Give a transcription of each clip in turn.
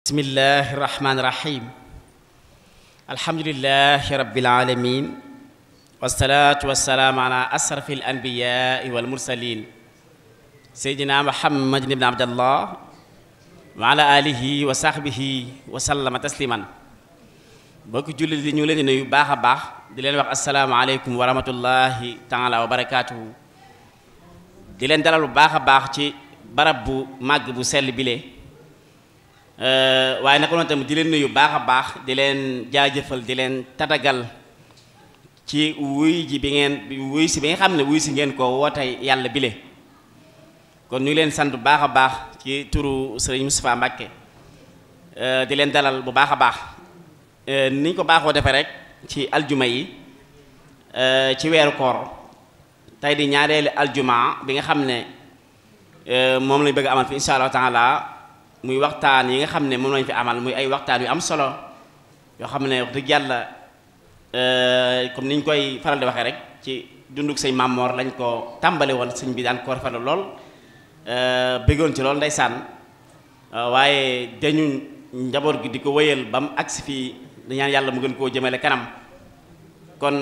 bismillahi irrahmani irrahim alhamdulilahi rabilalamin wasalaatu wasalaamu ala asrafi alanbiyai walmursalin seydina mohammadin ibn abdallah wa ala alihi wa sahbihi wa sallama tasliman bokki jullit yi ñu leen di nuyu baax a baax di leen wax asalaamualeykum wa rahmatullahi taala wa barakatuhu di leen dalal bu baax a baax ci barab bu màgg bu sell bile Eh, waaye naka noonu tamit di leen nuyu baax a baax di leen jaajëfal di leen tatagal ci wuy ji bi ngeen wuy si bi nga xam ne wuy si ngeen ko woote yàlla bile kon ñu leen sant bu baax a baax ci turu sëriñ Moustapha Mbacke eh, di leen dalal bu baax a baax eh, niñ ko baaxoo defee rek ci aljuma yi ci weeru koor tey di ñaareeli aljuma bi nga xam ne moom lañ bëgg amal fi incha allah taala muy waxtaan yi nga xam ne moom lañ fi amal muy ay waxtaan yu am solo yoo xam ne wax dëgg yàlla euh, comme niñ koy faral di waxee rek ci dunduk sëñ maamoor lañ ko tàmbale woon sëñ bi daan ko rafetlu lool euh, bëggoon ci lool ndeysaan euh, waaye dañu njaboot gi di ko wéyal ba mu agsi fii dañaan yàlla mu ngeen koo jëmale kanam kon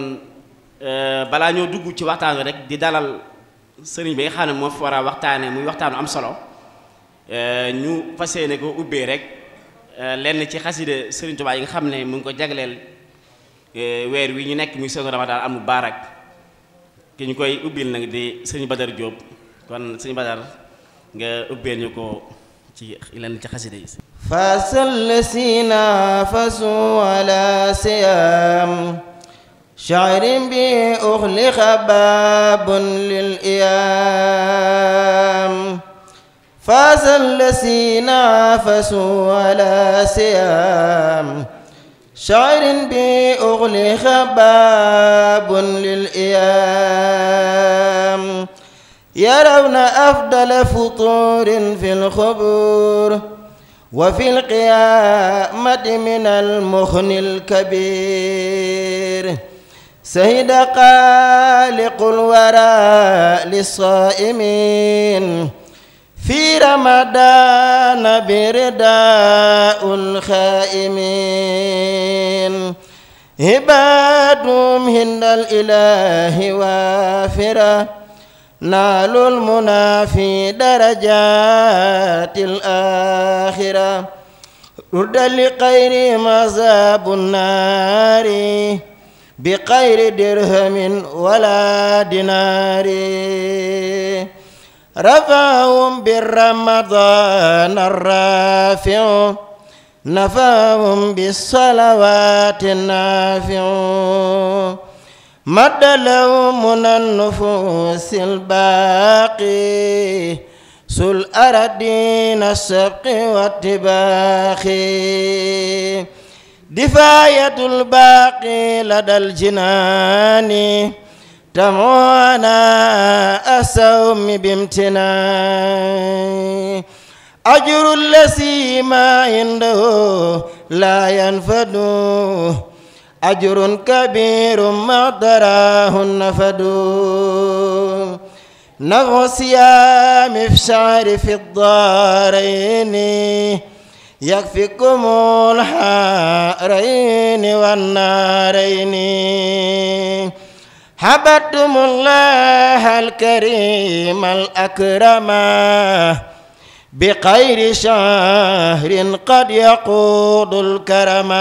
balaa ñoo dugg ci waxtaan rek di dalal sëriñ bi nga xam ne moo fi war a waxtaane muy waxtaanu am solo Euh, ñu fas yéene ko ubbee rek euh, lenn ci xasida Serigne Touba yi nga xam ne mu ngi ko jagleel euh, weer wi ñu nekk muy saison daal am baarak ki ñu koy ubbil nag di sëñ Badar Diop kon sëñ Badar nga ubbee ñu ko ci lenn ci xasida yi fasal sina fasu wala siyam شعر بي أغلق باب للإيام فاز الذين عافسوا على سيام شعر بأغلق باب للإيام يرون أفضل فطور في الخبور وفي القيامة من المخن الكبير سهد قالق الورى للصائمين في رمضان برداء الخائمين هباتهم هند الإله وافرة نال المنى في درجات الآخرة رد لغير مذاب النار بغير درهم ولا دينار رفعهم بالرمضان الرافع نفعهم بالصلوات النافع مد لهم من النفوس الباقي سل أردين السبق والتباخ دفاية الباقي لدى الجنان تموانا أسوم بامتناع أجر الذي ما عنده لا ينفد أجر كبير ما دراه النفد نغو صيام في شعر في الدارين يكفيكم الحارين والنارين حبتم الله الكريم الأكرم بخير شهر قد يقود الكرم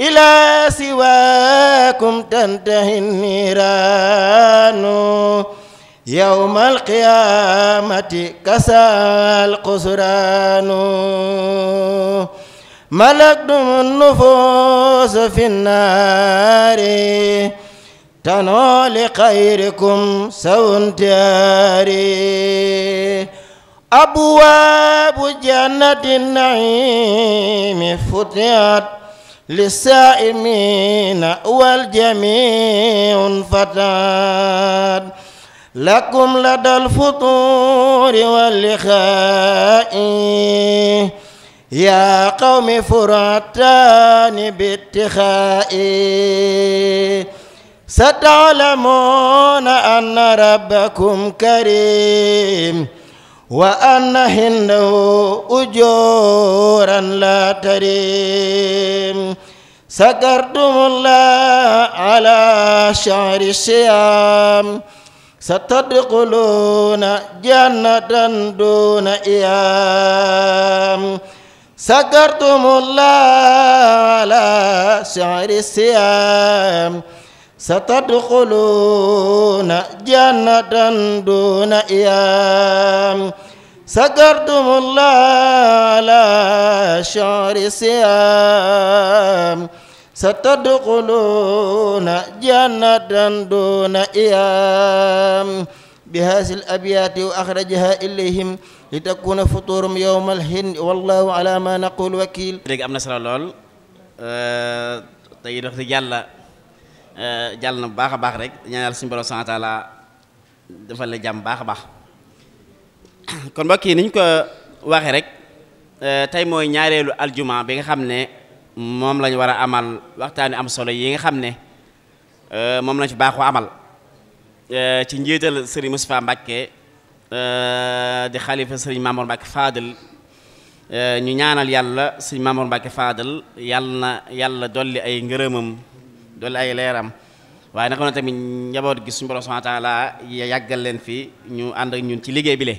إلى سواكم تنتهي النيران يوم القيامة كسى القسران ملكتم النفوس في النار تنو لخيركم سونتاري أبواب جنة النعيم فتحت للسائمين والجميع انفتحت لكم لدى الفطور واللقاء يا قوم فرعتان باتخائي ستعلمون أن ربكم كريم وأن عنده أجورا لا تريم سكرتم الله على شعر الصيام ستدخلون جنة دون إيام سكرتم الله على شعر الصيام ستدخلون جنة دون إيام سكرتم الله على شعر الصيام ستدخلون جنة دون إيام بهذه الأبيات وأخرجها إليهم li takkuuna futuurum yowmal hin wallahu ala ma naqul wakil léegi am na solo lool tey dafa jàlla jàll na bu baax a baax rek ñaanal suñu borom subhaanahu wa taala baax a baax kon mbokk yi ni ko waxee rek tey mooy ñaareelu aljuma bi nga xam ne moom lañu war a amal waxtaanu am solo yi nga xam ne moom lañu fi baaxoo amal ci njiital Serigne Moustapha Mbacké di xalifa sëriñ Mamour Mbacke Fadal eh, ñu ñaanal yàlla sëriñ Mamour Mbacke Fadal yàlla na yàlla dolli ay ngërëmam dolli ay leeram waaye naka noonu tamit njaboot gi suñu borom subhanahu wa yàggal leen fi ñu ànd ak ñun ci liggéey bi le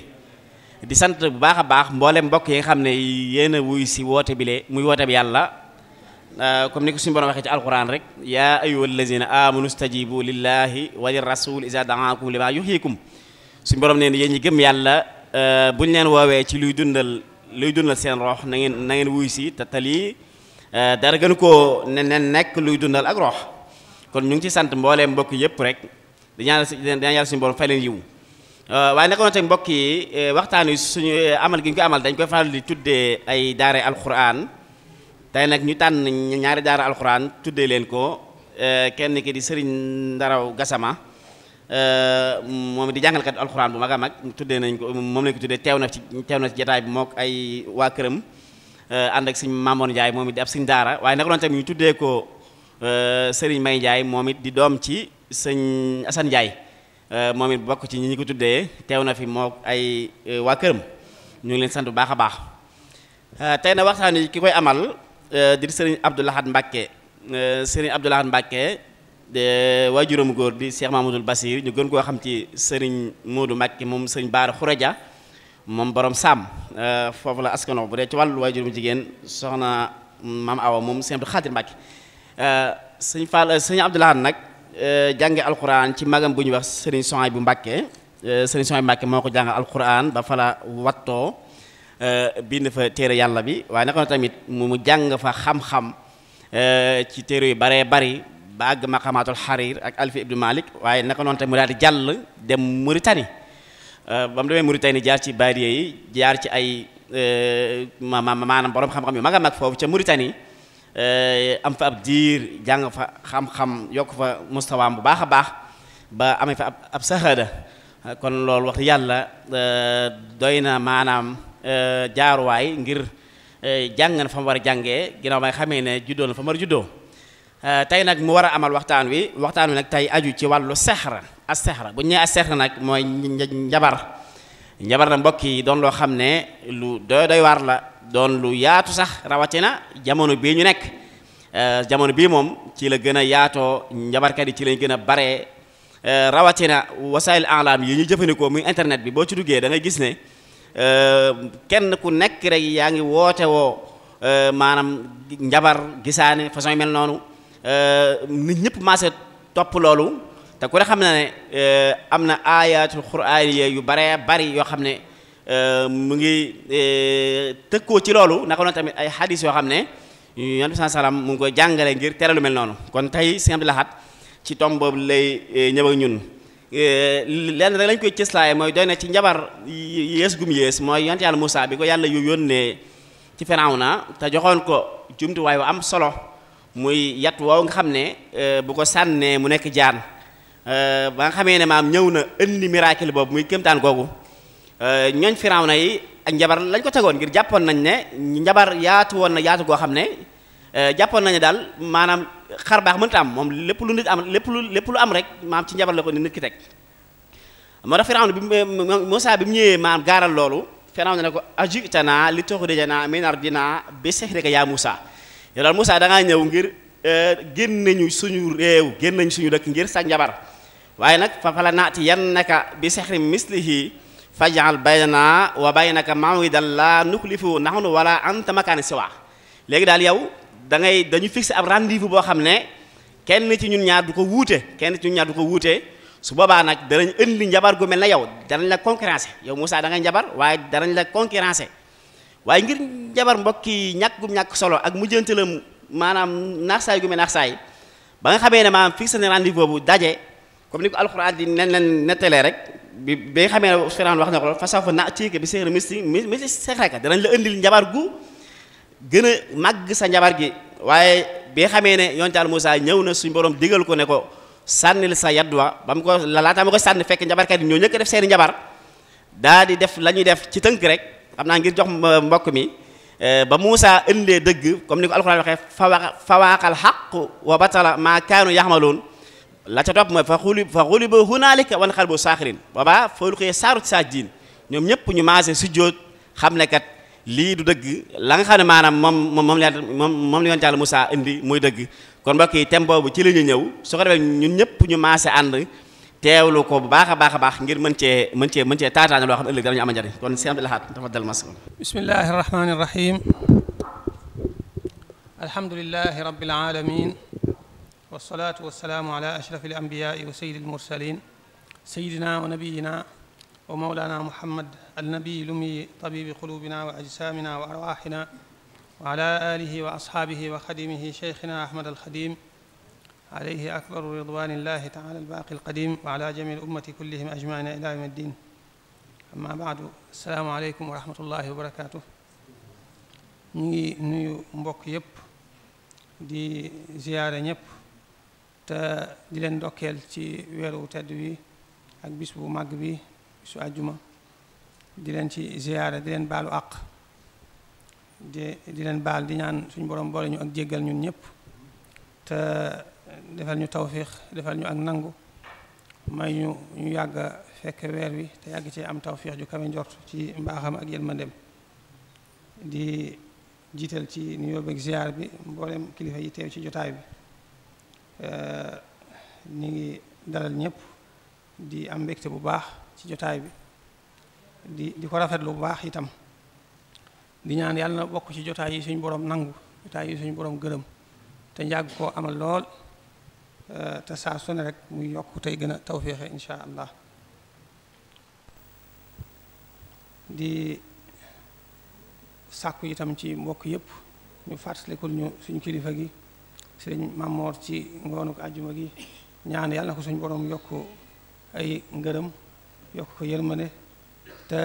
di sant bu baax a baax mboolem mbokk yi nga xam ne yéen a wuy si woote bi le muy woote bi yàlla eh, comme ni ko suñu borom waxee ci alquran rek yaa ayyuhal lazina amanu stajibu lillahi wa lirrasul iza daakum lima yuhyikum suñ borom nee na yéen ñi gëm yàlla euh, bu ñu leen woowee ci luy dundal luy dundal seen roox nangeen ngeen na ngeen wuy si te tali euh, dara gënu ko ne nen nekk luy dundal ak roox kon ñu ngi ci sant mbooleem mbokk yëpp rek di ñaanal dina ñaanal suñu borom fay leen yiw euh, waaye naka noonu mbokk yi waxtaan wi suñu amal gi ñu ko amal dañ koy faral di tuddee ay daare alquran tey nag ñu tànn ñaari daara alquran tuddee leen ko kenn ki di sëriñ ndaraw gasama Euh, moom di jàngalkat alxuraan bu mag a mag tuddee nañ ko moom lañ ko tuddee teew na ci teew na ci jataay mook ay waa këram euh, suñ Mamoon Ndiaye moom it di ab suñ waaye naka doon tamit ñu tuddee ko euh, Serigne moom it di doom ci sëñ Assane Ndiaye moom bokk ci ñu ko tuddee teew na fi mook ay waa këram ñu ngi leen sant bu baax a baax tey na waxtaan yi ki koy amal di sëriñ Abdou Lahad Mbacké Serigne Abdou waajuram góor bi Cheikh Mahmoudul Basir ñu gën koo xam ci sëriñ Modou Mbacké moom sëriñ Baara Khuraja moom borom saam euh, foofu la askanoo bu dee ci wàllu waajuram jigéen soxna maam Awa moom sëriñ Abdou Khadir Mbacké euh, sëriñ euh, sëriñ Abdou nag jànge alquran ci magam bu ñuy wax sëriñ Sohay bu Mbacké sëriñ Sohay bu Mbacké moo ko jàngal alquran ba fa la wattoo bind fa téere yàlla bi waaye naka tamit mu jàng fa xam-xam ci téere yu baree bari ba àgg maqamaatul xariir ak alfi ibnu malik waaye naka noonu tamit mu daal di jàll dem Mauritanie euh, ba mu demee Mauritanie jaar ci baadiya yi jaar ci ay euh, ma maanaam borom xam-xam yu mag a foofu ca Mauritanie euh, am fa ab diir jàng fa xam-xam yokk fa mustawaam bu baax a baax ba amee fa ab ab kon loolu wax yàlla doy na maanaam jaaruwaay ngir jàng na fa mu war a jàngee ginnaaw may xamee ne juddoo na fa mu war juddoo Euh, tey nag mu war a amal waxtaan wi waxtaan wi nag tey aju ci wàllu sexra as sexra bu ñu a as nag mooy njabar njabar na mbokk yi doon loo xam ne lu doy waar la doon lu yaatu sax rawatina jamono bii ñu nekk euh, jamono bii moom ci la gën a yaatoo njabarkat yi ci lañ gën a baree euh, rawatina wasaayil alam yi ñu jëfandikoo muy internet bi boo ci duggee da gis ne kenn ku nekk rek yaa ngi woote maanaam njabar gisaane façon yu mel noonu Euh, nit ñëpp maase topp loolu te ku ne xam na ne euh, am na aayaatu xuraaniya yu bare bari yoo xam ne euh, mu ngi tëkkoo ci loolu ndax noonu tamit ay xadis yoo xam ne yonent bi sallam mu ngi koy jàngale ngir tere lu mel noonu kon tey Sëñ Abdou ci tom boobu lay ñëw ak ñun lenn rek lañ koy cëslaay mooy doy na ci njabar yées gum yées mooy yonent yàlla Moussa bi ko yàlla yu yónnee ci Firawna te joxoon ko jumtuwaay wu am solo muy yat woow nga xam ne euh, bu ko sànnee mu nekk jaan euh, ba nga xamee ne maam ñëw na indi miracle boobu muy kéemtaan googu euh, ñooñ firaw na yi ak njabar lañ ko tegoon ngir jàppoon nañ ne njabar yaatu woon na yaatu goo xam ne jàppoon nañu daal maanaam xar baax mënta am moom lépp lu nit am lépp lu lépp lu am rek maam ci njabar la ko nit ki teg moo tax firaw na bi Moussa bi mu ñëwee maam gaaral loolu firaw ne ko ajitana li toxu dejana minar dina bi sexrika yaa Moussa yow daal Moussa da ñëw ngir eh, génn nañu suñu réew génn nañu suñu dëkk ngir sa njabar waaye nag fa fala naati yannaka bi sexri mislihi fajal baynana wa baynaka mawidan la nuxlifu nahnu wala anta makaani siwa léegi daal yow da ngay dañu fixé ab rendez-vous boo xam ne kenn ci ñun ñaar du ko wuute kenn ci ñun ñaar du ko wuute su boobaa nag danañ indi njabar gu na yow danañ la concurrencé yow Moussa da ngay njabar waaye danañ la concurrencé waaye ngir jabar mbokki yi ñàkk gum ñàkk solo ak mujjantalam maanaam naax saay gu me naax saay ba nga xamee ne maanaam fixé na rendez-vous boobu daje comme ni ko di nen leen nettalee rek bi xamee ne Firawna wax na ko fa sawfa na'tiika bi sihrin misli misli sihrika danañ la indil njabar gu gën a màgg sa njabar gi waaye bee nga xamee ne yonent Yàlla Muusaa ñëw na suñu borom digal ko ne ko sànnil sa yadwa ba ko laataa ma ko sànni fekk njabarkat yi ñoo ñëkk def seeni njabar daa di def la ñuy def ci tënk rek xam naa ngir jox euh, mbokk mi euh, ba Muusa indee dëgg comme ni ko alxuraan waxee fa waaqal xaq wa batala maa kaanu yaxmaloon la ca topp mooy fa xuli fa xuliba hunaalika xal bu saaxirin boobaa foo lu saaru ci saa jiin ñoom ñëpp ñu maase sujjóot xam ne kat lii du dëgg la xam ne maanaam moom moom la moom moom la yonent dëgg kon mbokk yi thème ci la ñëw su ko defee ñun ñëpp ñu maase ànd teewlu ko bu baax a baax a baax ngir mën cee mën cee mën cee taataane loo xam ne ëllëg danañu am njariñ kon sëñ Abdul Ahad dafa dal mas bismillahi rahmani rahim alhamdulilahi rabbil alamin wasalaatu wasalaamu ala ashrafi alambiyaai wa sayidi almursalin sayidina wa nabiyina wa mawlana muhammad alnabiy lumi tabibi qulubina wa ajsamina wa arwahina wa ala alihi wa ashaabihi wa xadimihi cheikhina ahmad alxadim alayhi akbaru ridwanillahi taala albaaqi alqadim wa ala jamii ummati kullihim ajmaina ila yawmi ddin amma baadu asalaamu aleykum wa rahmatullahi wa ngi nuyu mbokk yépp di ziyaare ñépp te di leen ndokkeel ci weeru tedd wi ak bis bu màgg bi su àjjuma di leen ci ziyaare di leen baalu àq di leen baal di ñaan suñu borom boole ak jéggal ñun ñépp defal ñu tawfiix defal ñu ak nangu may ñu ñu yàgg fekk fekke weer wi te yàgg ci am tawfiix ju kawe njort ci mbaaxam ak ma dem di jiital ci nuyoo beeg ziar bi mboolem kilifa yi teew ci jotaay bi ngi dalal ñëpp di am mbégte bu baax ci jotaay bi di di ko rafetlu bu baax itam di ñaan yàlla na bokk ci jotaay yi suñu boroom nangu jotaay yi suñu borom gërëm te njàgg koo amal lool. Euh, te saa su rek mu yokk tey gën a tawféexe incha allah di sàkku itam ci mbokk yëpp ñu fàttalikul ñu suñ kilifa gi sëriñ Mamoor ci ngoonu àjjuma gi ñaan yàlla na ko suñu borom yokk ay ngërëm yokk ko yërmande te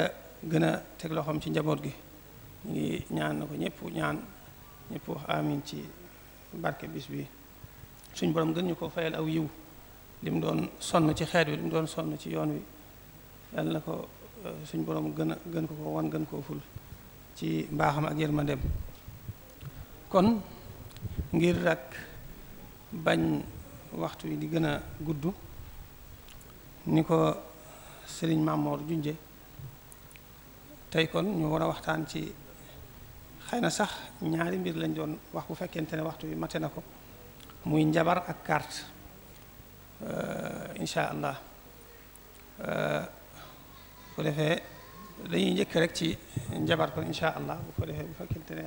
gën a teg loxoom ci njaboot gi ñu ngi ñaan na ko ñëpp ñaan ñëpp wax amin ci barke bis bi suñ borom gën ñu ko fayal aw yiw lim doon sonn ci xeet wi lim doon sonn ci yoon wi yàlla na ko eh, suñ borom gën a gën ko ko wan gën koo ful ci mbaaxam ak yërmandeem kon ngir rek bañ waxtu wi di gën a gudd ni ko sëriñ Mamoor junje tey kon ñu war a waxtaan ci xëy na sax ñaari mbir lañ doon wax bu fekkente ne waxtu wi mate na ko muy njabar ak carte euh, incha allah euh, bu ko defee dañuy njëkk rek ci njabar kon incha allah bu ko defee bu fekkente ne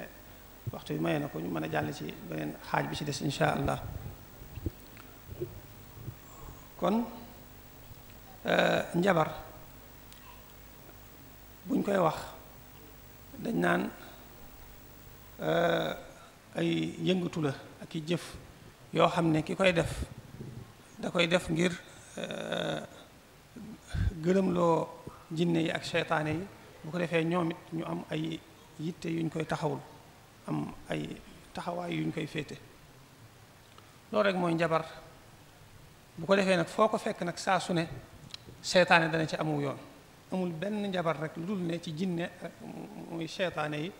waxtu bi maye na ko ñu mën a jàll ci beneen xaaj bi ci des incha allah kon euh, njabar buñ koy wax dañ naan ay yëngatu la ak i jëf yoo xam ne ki koy def da koy def ngir euh, gërëmloo jinne yi ak seetaane yi bu ko defee ñoom it ñu am ay yitte yuñ koy taxawul am ay taxawaay yuñ koy féete loolu rek mooy njabar bu ko defee nag foo ko fekk nag saa su ne seetaane dana ci amul yoon amul benn njabar rek lu dul ne ci jinne muy seytaane yi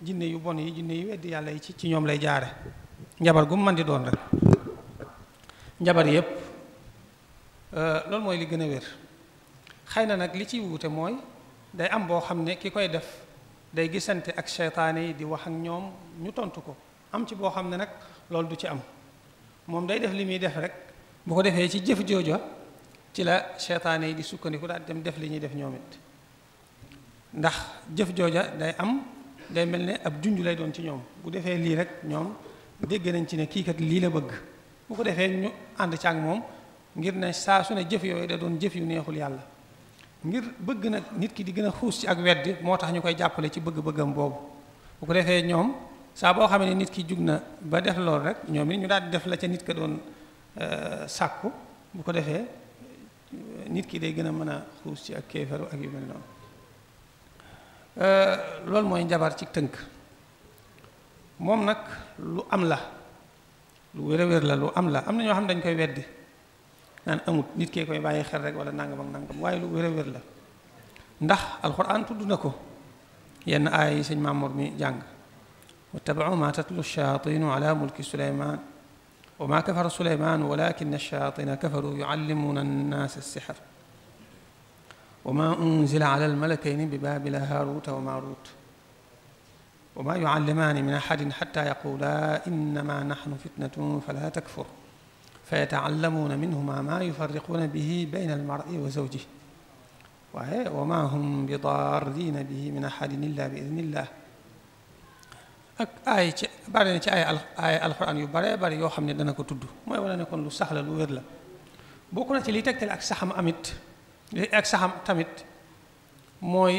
jinne yu bon yi jinne yu weddi yàlla yi ci ci ñoom lay jaare njabar gu mu mën di doon rek njabar yépp euh, loolu mooy li gën a wér xëy na nag li ciy wuute mooy day am boo xam ne ki koy def day gisante ak seytaane yi di wax ak ñoom ñu tontu ko am ci boo xam ne nag loolu du ci am moom day def li muy def rek bu ko defee ci jëf jooja ci la seytaane yi di sukkandiku daal dem def li ñuy def ñoom it ndax jëf jooja day am day mel ne ab junj lay doon ci ñoom bu defee lii rek ñoom dégg nañ ci ne kii kat lii la bëgg bu ko defee ñu ànd ci ak moom ngir ne saa su ne jëf yooyu da doon jëf yu neexul yàlla ngir bëgg nag nit ki di gën a xuus ci ak weddi moo tax ñu koy jàppale ci bëgg-bëggam boobu bu ko defee ñoom saa boo xam ne nit ki jug na ba def loolu rek ñoom it ñu daal di def la ca nit ka doon euh, sàkku bu ko defee nit ki day gën a mën a xuus ci ak kéefaru ak yu mel noonu euh, loolu mooy njabar ci tënk moom nag lu am la lu wér a la lu am la am na ñoo xam ne dañ koy weddi naan amut nit kee koy bàyyi xel rek wala nangam ak nangam waaye lu wér a wér la ndax alxuraan na ko yenn aay yi sëñ Maamoor mi jàng wattabau ma tatlu shayaatinu ala mulki suleyman wa ma kafara suleyman walakin ashayaatina kafaru yuallimuuna annaas assixr ma unzila ala almalakayni bi baabila haaruuta wa maaruut wa maa yuallimaani min ahadin xatta yaquulaa innamaa naxnu fitnatun falaa takfur fa yataallamuuna minhumaa maa yufarriquuna bihi bayna almar'i wa zawjihi waaye wa maa hum bi daarriina bihi min ahadin illaa bi idnillaah ak ay ci bare na ci ay ay alxuraan yu bare bare yoo xam ne dana ko tudd mooy wane ne kon lu sax la lu wér la bokk na ci liy tegtal ak saxam amit ak saxam tamit mooy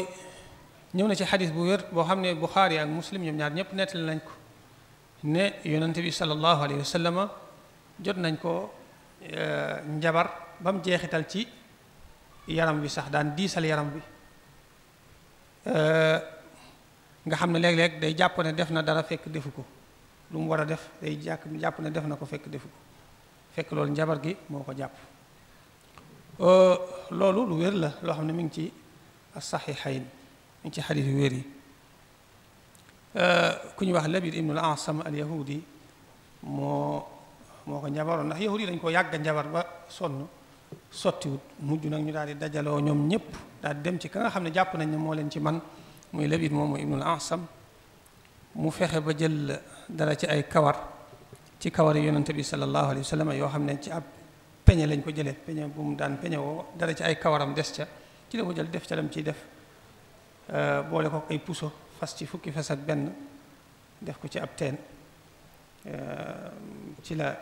ñëw na ci xadis bu wér boo xam ne buxaari ak muslim ñoom ñaar ñëpp nettali nañ ko ne yonente bi sallallahu alayhi wa sallama jot nañ ko e, njabar ba jeexital ci yaram wi sax daan diisal yaram wi e, nga xam ne léeg-léeg day jàpp ne def na dara fekk defu ko lu mu war a def day jàkk jàpp ne def na ko fekk defu ko fekk loolu njabar gi moo ko jàpp e, loolu lu wér la loo xam ne mi ngi ci as-saxiixayn ñu ci xadis yu wér yi euh, ku ñu wax labid ibnul asam al yahudi moo moo ko njabaroon ndax yahudi dañ koo yàgg njabar ba sonn sottiwut mujj nag ñu daal di dajaloo ñoom ñëpp daal dem ci ka nga xam ne jàpp nañ ne moo leen ci man muy labid moomu ibnul asam mu fexe ba jël dara ci ay kawar ci kawar yi yonente bi sallallahu alayhi wa sallam yoo xam ne ci ab peñe lañ ko jëlee peñe bu mu daan peñe woo dara ci ay kawaram des ca ci la ko jël def ca la mu ciy def Euh, boole ko ay puso fas ci fukki fas ak benn def ko ci ab teen euh, ci la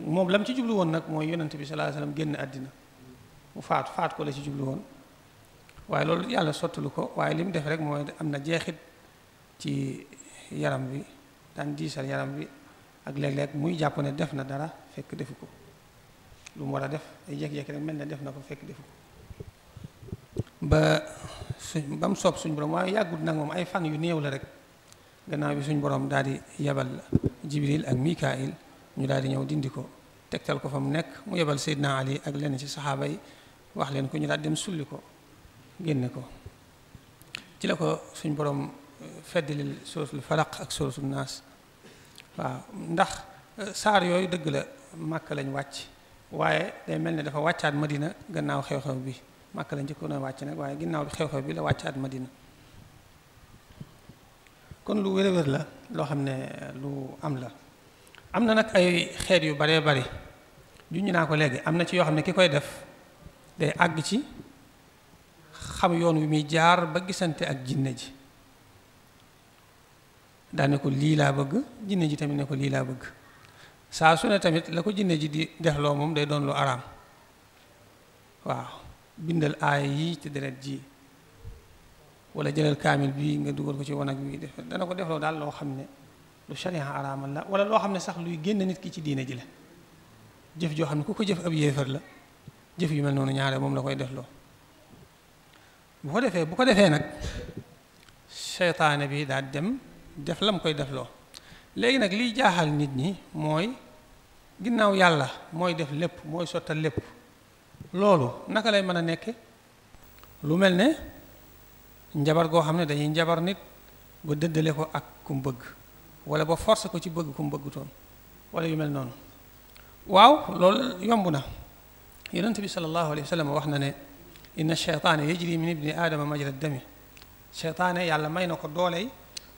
moom lam ci jublu woon nag mooy yonent bi sallallahu génn àddina mu faat faat la ci jublu woon waaye loolu yàlla sottalu ko waaye li mu def rek mooy am na jeexit ci yaram bi daan diisal yaram bi ak léeg-léeg muy jàpp ne def na dara fekk defu ko lu mu war a def ay jékki-jékki rek mel ne def na ko fekk defu ko suñ ba mu soob suñ borom waaye yàggut nag moom ay fan yu néew la rek gannaaw bi suñ boroom daal di yebal jibril ak mikail ñu daal di ñëw dindi ko tegtal ko fa mu nekk mu yebal Seydina Ali ak lenn si saxaaba yi wax leen ko ñu daal dem sulli ko génne ko ci la ko suñ boroom borom eh, feddlil suratul falaq ak suratul naas waaw ndax eh, saar yooyu dëgg la màkk lañ wàcc waaye day mel ne dafa wàccaat ma dina gannaaw xew-xew bi màkk la njëkkoon a wàcc nag waaye ginnaaw bi xew-xew bi la wàccaat Madina kon lu wér-wér la loo xam ne lu am la am na nag ay xeet yu baree bari juñu naa ko léegi am na ci yoo xam ne ki koy def day àgg ci xam yoon wi muy jaar ba gisante ak jinne ji daane ko lii laa bëgg jinne ji tamit ne ko lii laa bëgg saa su ne tamit la ko jinne ji di def moom day doon lu araam waaw bindal aaya yi ci deret ji wala jëlal kaamil bi nga dugal ko ci wanag wi def dana ko defloo daal loo xam ne lu sharia araamal la wala loo xam ne sax luy génn nit ki ci diine ji la jëf joo xam ne ku ko jëf ab yéefar la jëf yu mel noonu ñaare moom la koy defloo bu ko defee bu ko defee nag seytaane bi daal dem def lam koy defloo léegi nag liy jaaxal nit ñi mooy ginnaaw yàlla mooy def lépp mooy sottal lépp loolu naka lay mën a nekke lu mel ne njabar goo xam ne dañuy njabar nit ba dëddale ko ak ku bëgg wala ba forcé ko ci bëgg ku bëggutoon wala yu mel noonu waaw loolu yomb na yonent bi sallallahu alayhi wa sallam wax na ne inna cheytaane yajri min ibni aadama majra dami cheytaane yàlla may na ko dooley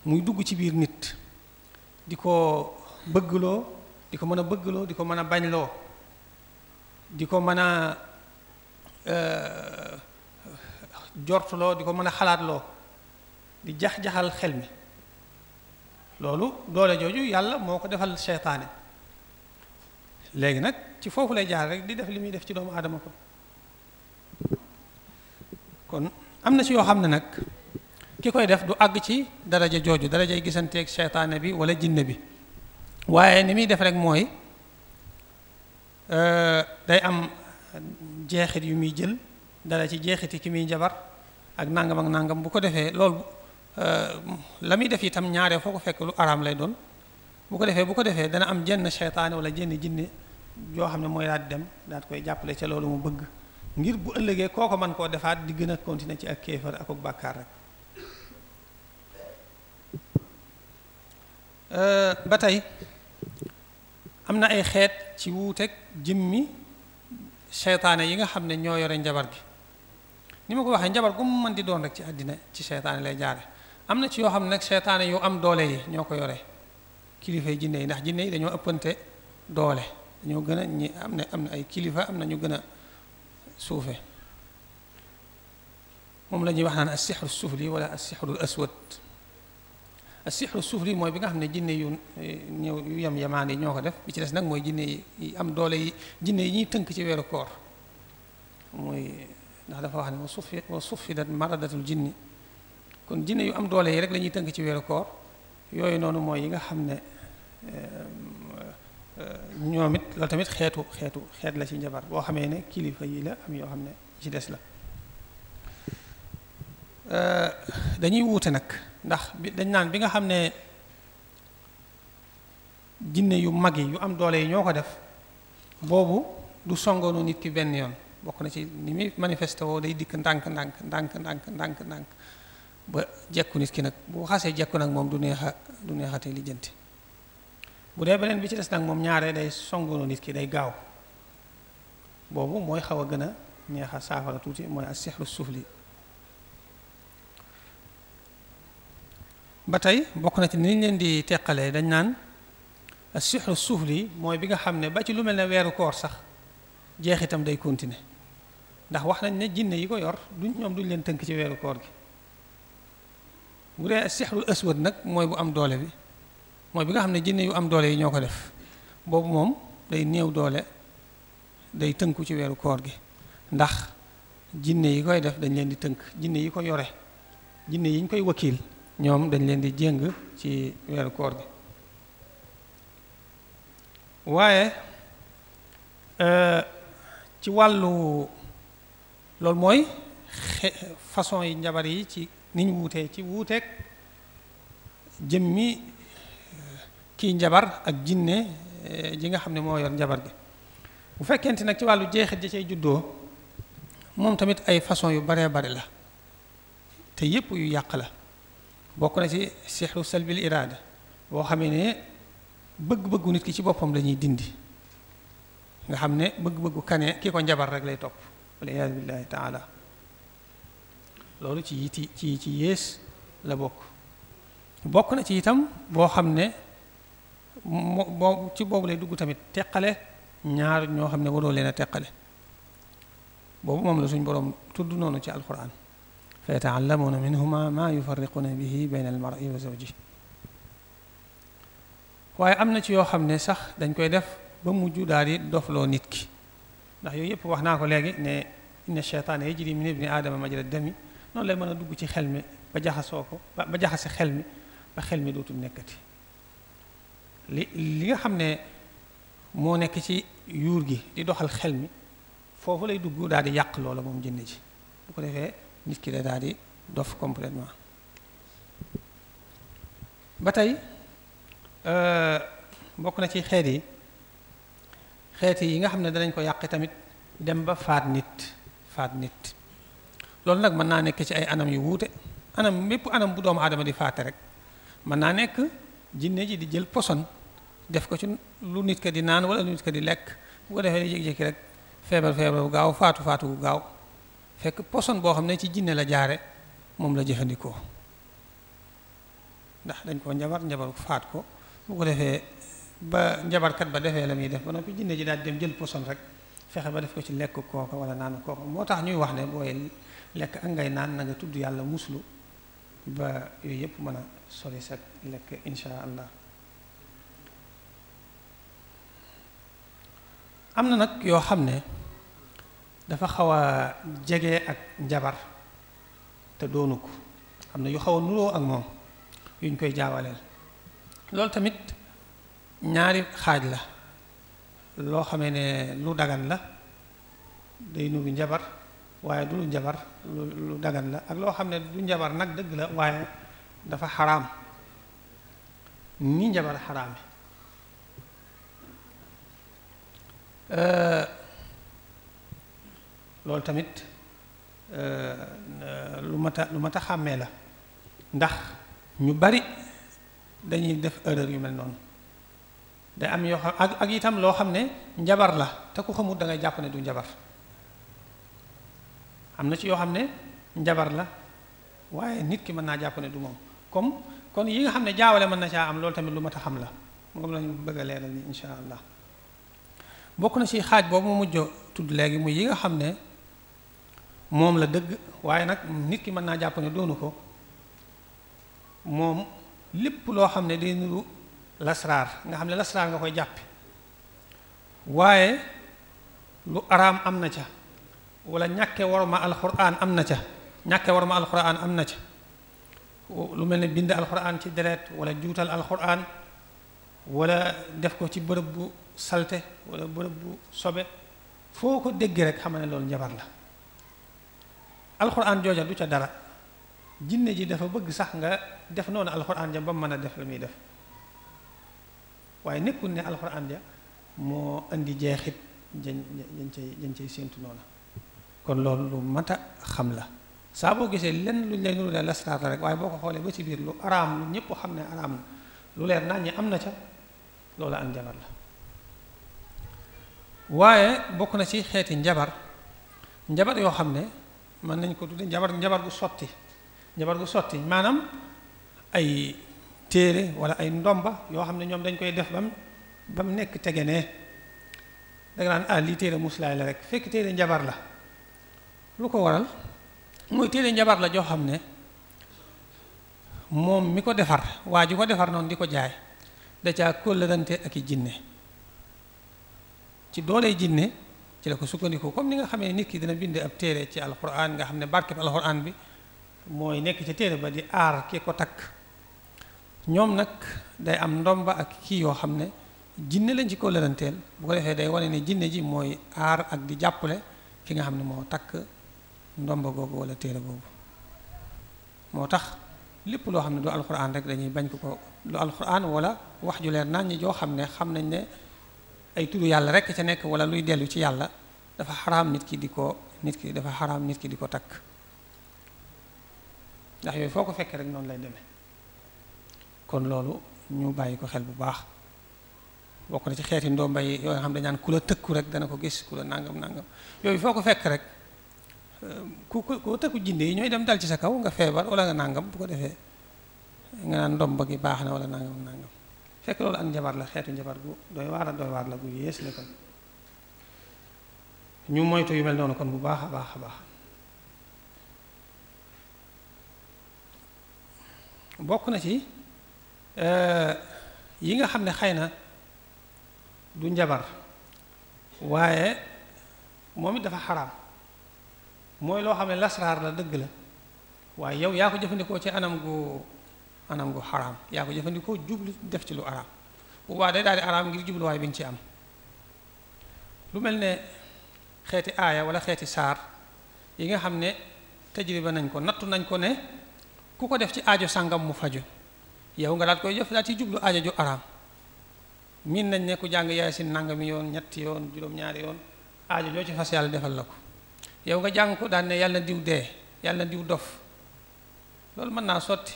muy dugg ci biir nit di ko bëggloo di ko mën a bëggloo di ko mën a bañloo di ko mën Euh, jortuloo di ko mën a xalaatloo di jax-jaxal xel mi loolu doole jooju yàlla moo ko defal seytaane léegi nag ci foofu lay jaar rek di def li muy def ci doomu aadama ko kon am na si yoo xam ne nag ki koy def du àgg ci daraja jooju darajay gisanteeg seytaane bi wala jinne bi waaye ni muy def rek mooy euh, day am jeexit yu muy jël dala ci jeexiti ki muy jabar ak nangam ak nangam bu ko defee loolu euh, la muy def itam ñaaree foo ko fekk lu araam lay doon bu ko defee bu ko defee dana am jenn seytaane wala jenn jinne joo xam ne mooy daal dem daal koy jàppale ca loolu mu bëgg ngir bu ëllëgee kooko man koo defaat di gën a continuer ci ak kéefar ak bàkkaar rek euh, ba tey am na ay xeet ci wuuteeg jëmmi seytaane yi nga xam ne ñoo yore njabar gi ni ma ko waxee njabar gu mu mën di doon rek ci àddina ci seytaane lay jaare am na ci yoo xam ne nag seytaane yu am doole yi ñoo ko yore kilifa yi jinne yi ndax jinne yi dañoo ëppante doole dañoo gën a ñi am na am na ay kilifa am na ñu gën a suufe moom la ñuy wax naan as suuf sufli wala as sixru aswad suuf sufri mooy bi nga xam ne jinne yu eh, ñëw yu yem yemaan yi ñoo ko def bi ci des nag mooy jinne yi am doole yi jinne yi ñuy tënk ci weeru koor mooy ndax dafa wax ne wa sufi wa sufidat maradatul jinni kon jinne yu am doole yi rek lañuy ñuy tënk ci weeru koor yooyu noonu mooy yi nga xam ne eh, eh, ñoomit it loolu tamit xeetu xeetu xeet la ci njabar boo xamee ne kilifa yi la am yoo xam ne ci des la dañuy wuute nag ndax dañ naan bi nga xam ne jinne yu mag yi yu am doole yi ñoo ko def boobu du songoonoo nit ki benn yoon bokk na ci ni muy manifesté woo day dikk ndànk ndànk ndànk ndànk ndànk ndànk ba jekku nit ki nag bu xasee jekku nag moom du neexa du tey lijjanti bu dee beneen bi ci des nag moom ñaare day songoonoo nit ki day gaaw boobu mooy xaw a gën a neexa saafara tuuti mooy as suuf suufli ba tey bokk na ci ni ñu leen di teqalee dañ naan sixru suuf lii mooy bi nga xam ne ba ci lu mel ne weeru koor sax jeexitam day continuer ndax wax nañ ne jinne yi ko yor duñ ñoom duñ leen tënk ci weeru koor gi bu dee sixrul aswad nag mooy bu am doole bi mooy bi nga xam ne jinne yu am doole yi ñoo ko def boobu moom day néew doole day tënku ci weeru koor gi ndax jinne yi koy def dañ leen di tënk jinne yi ko yore jinne yi ñu koy wakiil ñoom dañ leen di jéng ci weeru koor bi waaye euh, ci wàllu loolu mooy façon yi njabar yi ci niñ wuutee ci wuuteeg jëmmi euh, kii njabar ak jinne euh, ji nga xam ne moo yor njabar gi bu fekkente nag ci wàllu jeexit ja cay juddoo moom tamit ay façon yu baree bari la te yépp yu yàq la bokk na ci sixru salbil iraada boo xamee ne bëgg-bëggu nit ki ci boppam lañuy dindi nga xam ne bëgg-bëggu kane ki ko njabar rek lay topp waliyaadu billaahi taala loolu ci ci ci ci yées la bokk bokk na ci itam boo xam ne moo ci boobu lay dugg tamit teqale ñaar ñoo xam ne waroo leen a teqale boobu moom la suñ boroom tudd noonu ci alquran fa yataallamuuna minhuma maa yufarriquuna bihi bayna almar'i wa zawji waaye am na ci yoo xam ne sax dañ koy def ba mujj daal di doxloo nit ki ndax yooyu yëpp wax naa ko léegi ne inna sheytaana yajri min ibni aadama majra dami noonu lay mën a dugg ci xel mi ba jaxasoo ko ba jaxase xel mi ba xel mi dootul nekkati li li nga xam ne moo nekk ci yuur gi di doxal xel mi foofu lay dugg daal di yàq loola moom jënne ji bu ko defee nit ki de daal di dof complètement ba tey euh, bokk na ci xeet yi xeet yi nga xam ne danañ ko yàq tamit dem ba faat nit faat nit loolu nag mën naa nekk ci ay anam yu wuute anam mépp anam bu doomu aadama di faate rek mën naa nekk jinne ji di jël poson def ko ci lu nit ka di naan wala lu nit ka di lekk bu ko defee di jékki-jékki rek feebar feebar bu gaaw faatu faatu bu gaaw fekk poson boo xam ne ci jinne la jaare moom la jëfandikoo ndax dañ koo njabar njabar faat ko bu ko defee ba njabarkat ba defee la muy def ba noppi jinne ji daal dem jël poson rek fexe ba def ko ci lekk kooka wala naan kooka moo tax ñuy wax ne booy lekk ak ngay naan na nga tudd yàlla muslu ba yooyu yëpp mën a sori sa lekk insha allah am na nag yoo xam ne dafa xaw a jege ak njabar te doonu ko xam na yu xaw a nuroo ak moom yuñ koy jaawaleel loolu tamit ñaari xaaj la loo xamee ne lu dagan la day nuru njabar waaye du lu njabar lu dagan la ak loo xam ne du njabar nag dëgg la waaye dafa xaraam ni njabar xaraame loolu tamit euh, euh, lu mat a lu mat a xàmmee la ndax ñu bari dañuy def erreur yu mel noonu day am yoo xam ak ak itam loo xam ne njabar la te ku xamul da ngay jàpp ne du njabar am na ci yoo xam ne njabar la waaye nit ki mën naa jàpp ne du moom comme kon yi nga xam ne jaawale mën na caa am loolu tamit lu mat a xam la moom lañu bëgg a leeral ni allah bokk na ci xaaj boobu mu mujj tudd léegi muy yi nga xam ne. moom la dëgg waaye nag nit ki mën naa jàpp ne doonu ko moom lépp loo xam ne day nuru lasraar nga xam ne lasraar nga koy jàppe waaye lu araam am na ca wala ñàkke war ma alquran am na ca ñàkke war ma alquran am na ca lu mel ne bind alquran ci deret wala juutal alquran walla def ko ci bërëb bu salte wala bërëb bu sobe foo ko dégg rek xam ne loolu njabar la alxuraan jooja du ca dara jinne ji dafa bëgg sax nga def noonu alxuraan ja ba mu mën a def la muy def waaye nekkul ne alxuraan ja moo indi jeexit jañ jañ cay jañ cay séentu noonu kon loolu lu mat a xam la saa boo gisee lenn luñ lay nuru lastraata rek waaye boo ko xoolee ba ci biir lu araam lu ñëpp xam ne araam na lu leer naa ñi am na ca loolu ak njabar la waaye bokk na ci xeeti njabar njabar yoo xam ne mën nañ ko tudde njabar njabar gu sotti njabar gu sotti maanaam ay téere wala ay ndomba yoo xam ne ñoom dañ koy def bam ba mu nekk tege nee da nga naan ah lii téere muslaay la rek fekk téere njabar la lu ko waral mooy téere njabar la joo xam ne moom mi ko defar waa ji ko defar noonu di ko jaay da caa kóllërante ak i jinne ci doole jinne ci la ko sukkandiku comme ni nga xamee nit ki dina bind ab téere ci alquran nga xam ne barkeb alquran bi mooy nekk ci téere ba di aar ki ko takk ñoom nag day am ndomba ak kii yoo xam ne jinne lañ ci ko lëranteel bu ko defee day wane ne jinne ji mooy aar ak di jàppale ki nga xam ne moo takk ndomba googu wala téere boobu moo tax lépp loo xam ne du alquran rek dañuy bañ ko ko lu alquran wala wax ju leer naan joo xam ne xam nañ ne ay tudd yàlla rek ca nekk wala luy dellu ci yàlla dafa xaraam nit ki di ko nit ki dafa xaraam nit ki di ko takk ndax yooyu foo ko fekkee rek noonu lay deme kon loolu ñu bàyyi ko xel bu baax bokk na ci xeeti ndomba yi yoo xam dañ ku la tëkku rek dana ko gis ku nangam nangam yooyu foo ko fekk rek eh, ku ku ku tëkku jinde yi ñooy dem dal ci sa kaw nga feebar wala nga nangam bu ko defee nga naan ndomba gi baax na wala nangam nangam fekk loolu ak njabar la xeetu njabar gu doy waar la doy waar la gu yées la kon ñu moytu yu mel noonu kon bu baax a baax a baax bokk na ci euh, yi nga xam ne xay na du njabar waaye moom it dafa xaraam mooy loo xam ne lasraar la dëgg la waaye yow yaa ko jëfandikoo ci anam gu anam gu xaraam yaa ko jëfandikoo jublu def ci lu araam bu baax day daal di araam ngir jubluwaay bi nga ci am lu mel ne xeeti aaya wala xeeti saar yi nga xam ne tajriba nañ ko nattu nañ ko ne ku ko def ci aajo sàngam mu faju yow nga daat koy jëf daal jublu aajo ju araam miin nañ ne ku jàng yaasin nangami yoon ñetti yoon juróom-ñaari yoon aajo joo ci fas yàlla defal la ko yow nga jàng ko daan ne yàlla diw dee yàlla diw dof loolu mën naa sotti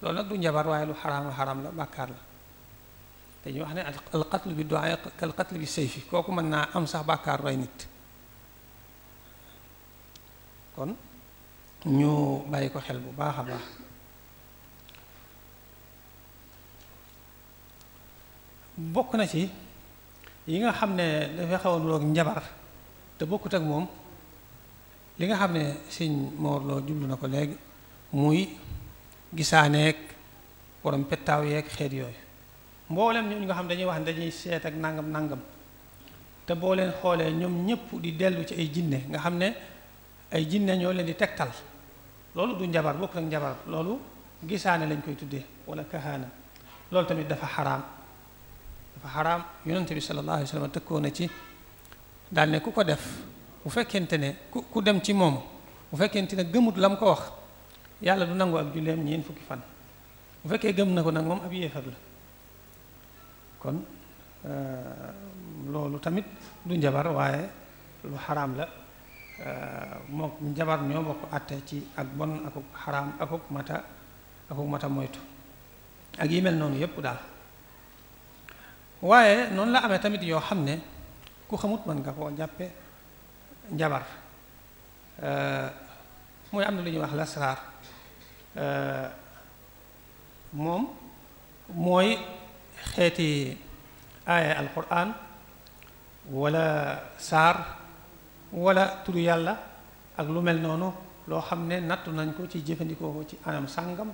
loolu nag du njabar waaye lu xaraama xaraam la bàkkaar la te ñu wax ne al qatl bi doyen al qatl bi sayfi kooku mën naa am sax bàkkaar rey nit kon ñu bàyyi ko xel bu baax a baax bokk na ci yi nga xam ne dafay xaw a nuroog njabar te bokkut ak moom li nga xam ne sëñ Mor Lo jublu na ko léegi muy gisaaneeg borom pettaaw yeeg xeet yooyu mboolem ñooñu nga xam dañuy wax ne dañuy seet ak nangam nangam te boo leen xoolee ñoom ñëpp di dellu ci ay jinne nga xam ne ay jinne ñoo leen di tegtal loolu du njabar bokk ak njabar loolu gisaane lañ koy tuddee wala kahaana loolu tamit dafa xaraam dafa xaraam yonente bi sallallahu alayhi wa sallam tëkkoo na ci daal ku ko def bu fekkente ne ku ku dem ci moom bu fekkente ne gëmut la mu ko wax yàlla du nangu ak julleem ñeent fukki fan bu fekkee gëm na ko nag moom ab yéefar la kon euh, loolu tamit du njabar waaye lu xaraam la euh, mook njabar ñoo bokk àtte ci ak bon akuk xaraam akuk mata akuk mata moytu ak yi mel noonu yépp daal waaye noonu la amee tamit yoo xam ne ku xamut mën nga koo jàppe njabar euh, mooy am na lu ñuy wax lasraar Euh, moom mooy xeeti aaya alquran wala saar wala turu yàlla ak lu mel noonu loo xam ne nattu nañ ko ci jëfandikoo ko ci anam sàngam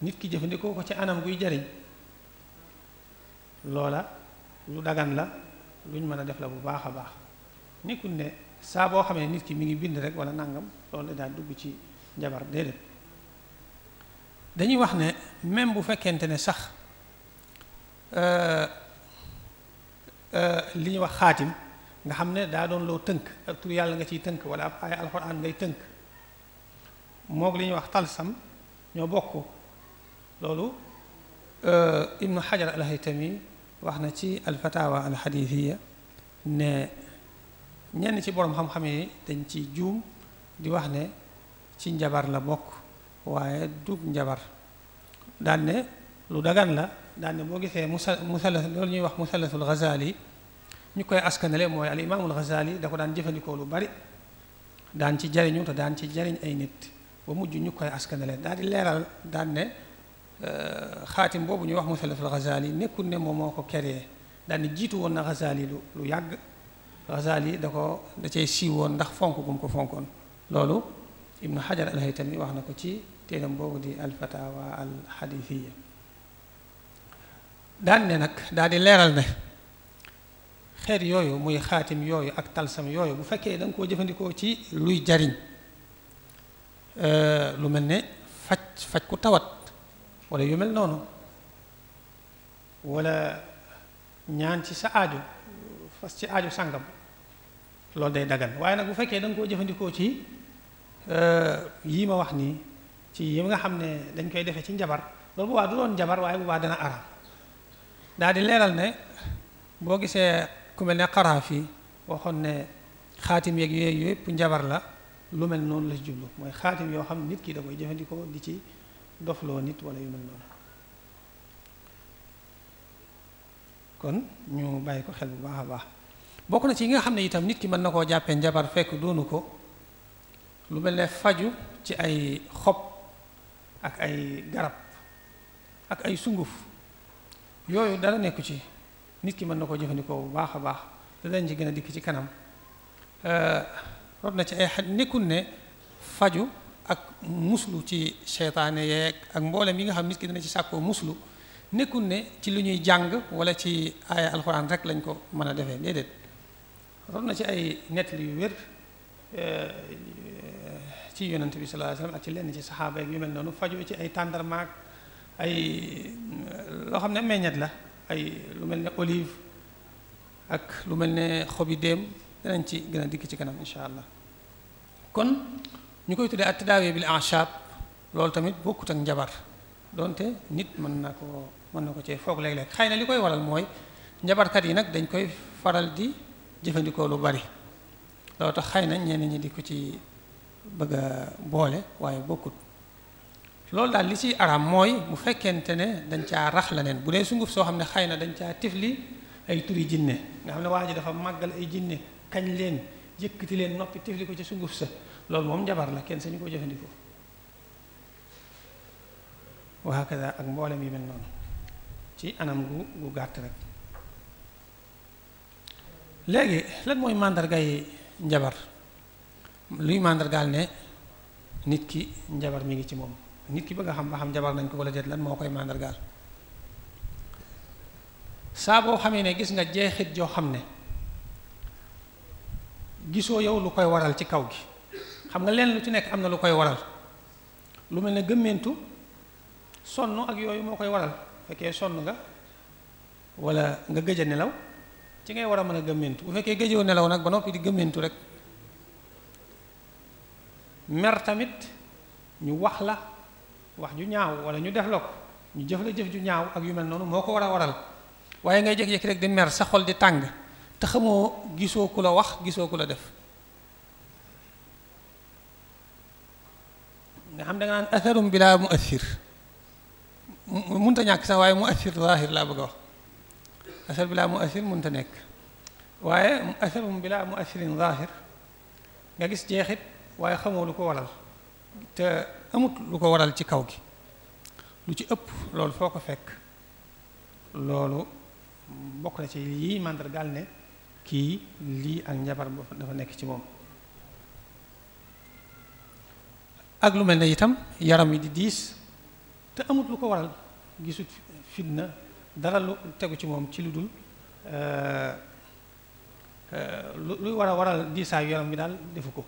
nit ki jëfandikoo ko ci anam guy jariñ loola lu dagan la luñ mën a def la bu baax a baax nekkul ne saa boo xamee nit ki mu ngi bind rek wala nangam loolu daal dugg ci njabar déedéet dañuy wax ne même bu fekkente ne sax euh, euh, li ñuy wax xaatim nga xam ne daa doon loo tënk ak tur yàlla nga ciy tënk wala ab ay alxuraan ngay tënk moog li ñuy wax talsam ñoo bokk loolu euh, ibnu xajar alhaytami wax na ci alfatawa alxadiisiya ne ñenn ci boroom xam-xam yi dañ ci juum di wax ne ci njabar la bokk waaye dug njabar daan lu dagan la daane boo gisee musa musalas loolu ñuy wax musalasul Ghazali ñu koy askanele mooy al imaamul Ghazali da ko daan jëfandikoo lu bari daan ci jariñu te daan ci jariñ ay nit ba mujj ñu koy askanele daal di leeral daan ne euh, xaatim boobu ñuy wax musalasul Ghazali nekkul ne moom moo ko créé daan ne jiitu woon na Ghazali lu lu yàgg Ghazali da ko da cay siiwoon ndax fonk gum ko fonkoon loolu ibnu xajar alhaytami wax na ko ci téeram boobu di alfatawa al xadifiya daan ne nag daal di leeral ne xeet yooyu muy xaatim yooyu ak talsam yooyu bu fekkee danga koo jëfandikoo ci luy jariñ euh, lu mel ne faj faj ku tawat walla yu mel noonu wala ñaan ci sa aajo fas ci aajo sàngam loolu day dagan waaye nag bu fekkee da koo jëfandikoo ci Euh, yii ma wax nii ci yi nga xam ne dañ koy defe ci njabar loolu bu baax du doon njabar waaye bu baax dana araam daal di leeral ne boo gisee ku mel ne xaraaf yi waxoon ne xaatim yeeg yooyu yëpp njabar la lu mel noonu la jublu mooy xaatim yoo xam ne nit ki da koy jëfandikoo di ci dofloo nit wala yu mel noonu kon ñu bàyyi ko xel bu baax a baax bokk na ci yi nga xam ne itam nit ki mën na koo jàppee njabar fekk doonu ko lu mel ne faju ci ay xob ak ay garab ak ay sunguf yooyu dara nekku ci nit ki mën na koo jëfandikoo bu baax a baax te dañ ci gën a dikk ci kanam euh, rot na ci ay xaj nekkul ne faju ak muslu ci seytaane yeeg ak mboolem yi nga xam nit ki dana ci sàkkoo muslu nekkul ne ci lu ñuy jàng wala ci aaya alxuraan rek lañ ko mën a defee déedéet rot na ci ay nettali yu wér euh, ci yonent bi sallallahu alayhi wasallam ak ci lenn ci saxaaba mel noonu faju ci ay tàndarmaak ay loo xam ne meñet la ay lu mel ne olive ak lu mel ne xobi déem danañ ci gën a dikk ci kanam incha allah kon ñu koy tuddee at bi bil a'shab loolu tamit bokkut ak njabar donte nit mën na ko mën na ko cee foog léeg-léeg xëy na li koy waral mooy njabarkat yi nag dañ koy faral di jëfandikoo lu bari loo tax xay na ñenn ñi di ko ci bëgg boole waaye bokkut loolu daal li siy araam mooy bu fekkente ne dañ ca rax la neen bu dee sunguf soo xam ne xëy na dañ caa tifli ay turi jinne nga xam ne waa ji dafa màggal ay jinne kañ leen yëkkati leen noppi tifli ko ci sunguf sa loolu moom njabar la kenn sañu ko jëfandikoo wa hakada ak mboolem yi mel noonu ci anam gu gu gàtt rek léegi lan mooy màndargay njabar luy màndargaal ne nit ki njabar mi ngi ci moom nit ki bëgg a xam ba xam njabar nañ ko wala déet lan moo koy màndargaal saa boo xamee ne gis nga jeexit joo xam ne gisoo yow lu koy waral ci kaw gi xam nga lenn lu ci nekk am na lu koy waral lu mel ne gëmmeentu sonn ak yooyu moo koy waral fekkee sonn nga walla nga gëj a nelaw ci ngay war a mën a gëmmentu bu fekkee gëjoo nelaw nag ba noppi di gëmmeentu rek mer tamit ñu wax la wax ju ñaaw wala ñu def la ko ñu jëf la jëf ju ñaaw ak yu mel noonu moo ko war a waral waaye ngay jékki-jékki rek di mer sa xol di tàng te xamoo gisoo ku la wax gisoo ku la def nga xam da nga naan atharum bilaa mu assir munta ñàkk sax waaye mu assir laa bëgg a wax asar bilaa mu assir munta nekk waaye asarum bilaa mu assirin zahir nga gis jeexit waaye xamoo lu ko waral te amut lu ko waral ci kaw gi lu ci ëpp loolu foo ko fekk loolu bokk na ci lii màndargaal ne kii lii ak njabar dafa nekk ci moom ak lu mel ne itam yaram wi di diis te amut lu ko waral gisut fitna dara lu tegu ci moom ci lu dul euh, euh, luy war a waral diisaayu yaram bi daal defu ko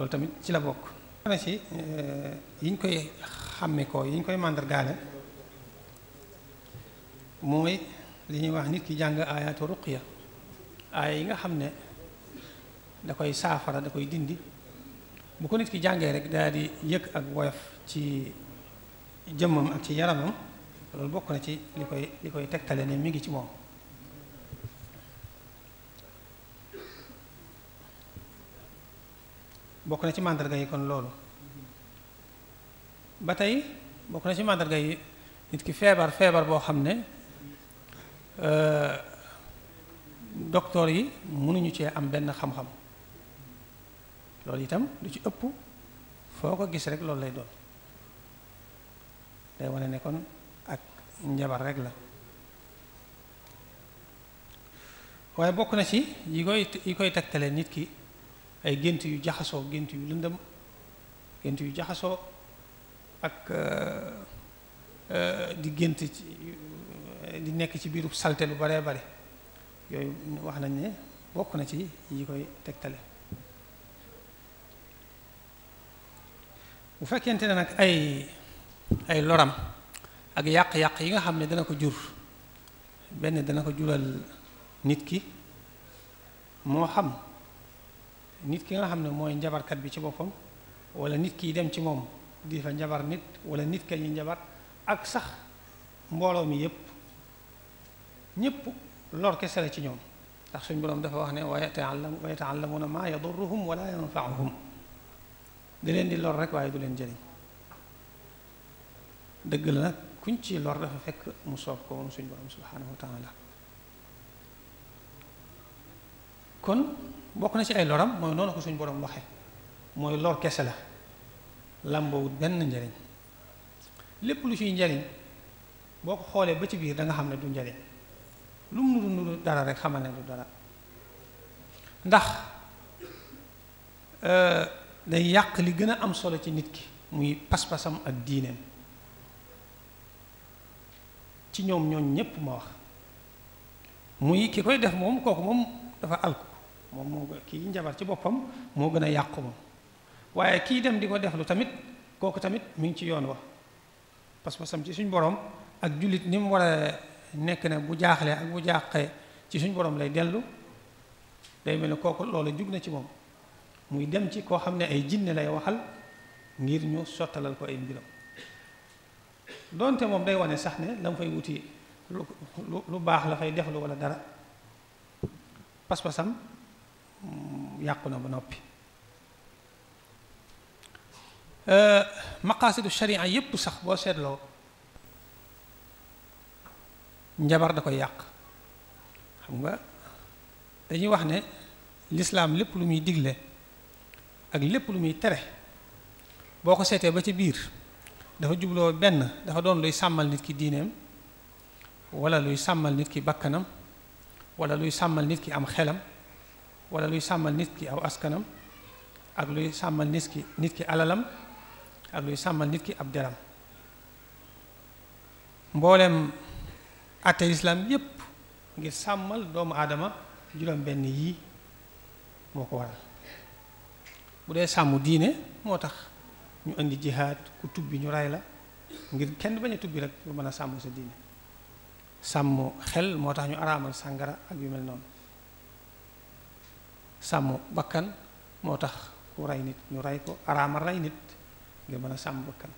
loolu tamit ci la bokk na si eh, yiñ koy xàmme ko yiñ koy màndargaale mooy li ñuy wax nit ki jàng aayaatu ruqya aaya yi nga xam ne da koy saafara da koy dindi bu ko nit ki jàngee rek daal di yëg ak woyof ci jëmmam ak ci yaramam loolu bokk na ci li koy li koy tegtale ne mi ngi ci moom bokk na ci màndarga yi kon loolu ba tey bokk na ci màndarga yi nit ki feebar feebar boo xam ne euh, docteur yi mënuñu cee am benn xam-xam loolu itam lu ci ëpp foo ko gis rek loolu lay doon day wane ne kon ak njabar rek la waaye bokk na ci yi koy yi koy tegtale nit ki ay gént yu jaxasoo gént yu lëndëm gént yu jaxasoo ak euh, euh, di gént ci di nekk ci biiru salte lu baree bare yooyu wax nañ ne bokk na ci yi koy tegtale bu fekkente ne nag ay ay loram ak yàq-yàq yi nga xam ne dana ko jur benn dana ko jural nit ki moo xam nit ki nga xam ne mooy njabarkat bi ci boppam wala nit kiy dem ci moom di fa njabar nit wala nit ka ñuy njabar ak sax mbooloo mi yépp ñépp lor kese la ci ñoom ndax suñ boroom dafa wax ne wa yata'allam wa yata'allamuna ma yadurruhum wala yanfa'uhum di leen di lor rek waaye du leen jëriñ dëgg la nag kuñ ci lor dafa fekk mu soob ko moom suñ boroom subhanahu wa taala kon bokk na si ay loram mooy noonu ko suñ borom waxe mooy lor kese la làmbawut benn njariñ lépp lu ciy njariñ boo ko xoolee ba ci biir danga xam ne du njariñ lu mu nuru nuru dara rek xamal ne du dara ndax euh, day yàq li gën a am solo ci nit ki muy pas-pasam ak diineem ci ñoom ñooñ ñépp ma wax muy ki koy def moom kooku moom dafa alku moom moo kii njabar ci boppam moo gën a yàqu moom waaye kii dem di ko deflu tamit kooku tamit mu ngi ci yoon wa parce que sam ci suñ borom ak jullit ni mu war a nekk ne bu jaaxlee ak bu jaaxee ci suñ borom lay dellu day mel ne kooku loolu jug na ci moom muy dem ci koo xam ne ay jinne lay waxal ngir ñu sottalal ko ay mbiram donte moom day wane sax ne la mu fay wuti lu lu baax la fay deflu wala dara pas-pasam Mm, yàqu na ba noppi euh, maqaasidu sharia yépp sax boo seetloo njabar da koy yàq xam nga dañuy wax ne lislaam lépp lu muy digle ak lépp lu muy tere boo ko seetee ba ci biir dafa jubloo benn dafa doon luy sàmmal nit ki diineem walla luy sàmmal nit ki bakkanam walla luy sàmmal nit ki am xelam wala luy sàmmal nit ki aw askanam ak luy sàmmal nit ki nit ki alalam ak luy sàmmal nit ki ab deram mboolem atte islam yépp ngir sàmmal doomu aadama juróom benn yii moo ko waral bu dee sàmm diine moo tax ñu indi jihaad ku tubbi ñu ray la ngir kenn bañ a tubbi rek bu mën a sàmm sa diine sàmm xel moo tax ñu araamal sàngara ak yu mel noonu sàmm bakkan moo tax ku rey nit ñu rey ko araama rey nit ngir mën a sàmm bakkan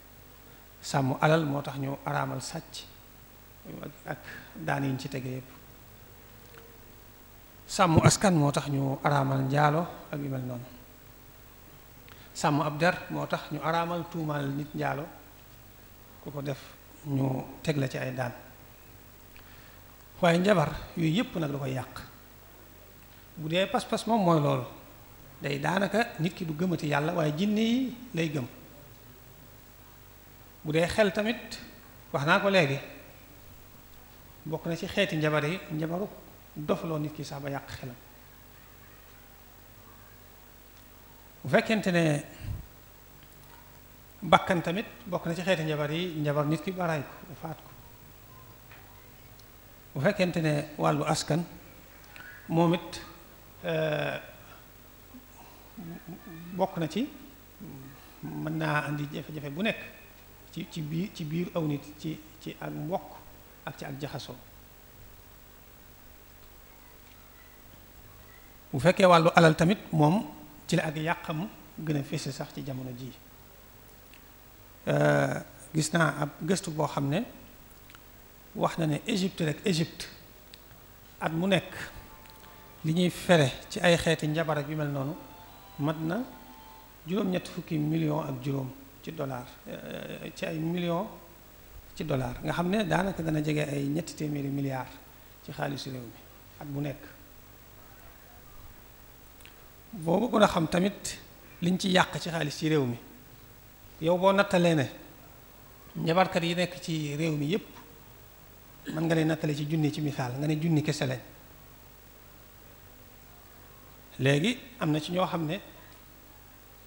sàmm alal moo tax ñu araamal sàcc ak daan yiñ ci tege yépp sàmm askan moo tax ñu araamal njaalo ak yu noonu sàmm ab der moo tax ñu araamal tuumaal nit njaalo ku ko def ñu teg la ci ay daan waaye njabar yooyu yépp nag da koy yàq bu dee pas-pas moom mooy loolu day daanaka nit ki du gëmati yàlla waaye jinne yi lay gëm bu dee xel tamit wax naa ko léegi bokk na ci xeeti njabar yi njabaru dofloo nit ki sax ba yàq xelam bu fekkente ne bakkan tamit bokk na ci xeeti njabar yi njabar nit ki baraay ko faat ko bu fekkent ne wàllu askan moom it Euh, bokk na ci mën naa andi jafe-jafe bu nekk ci ci biir ci biir aw nit ci ci ak mbokk ak ci ak jaxasoo bu fekkee wàllu alal tamit moom ci la ak yàqam gën a fese sax ci jamono ji euh, gis naa ab gëstu boo xam ne wax na ne Égypte rek Égypte at mu nekk li ñuy fere ci ay xeeti njabar ak yu mel noonu mat na juróom-ñett fukki million ak juróom ci dollar eh, ci ay million ci dollar nga xam ne daanaka dana jege ay ñetti téeméeri milliards ci xaalisu réew mi at bu nekk boo bëggoon a xam tamit liñ ci yàq ci xaalis ci réew mi yow boo nattalee ne njabarkat yi nekk ci réew mi yépp man nga leen nattale ci junni ci misaal nga ne junni kese léegi am na ci ñoo xam ne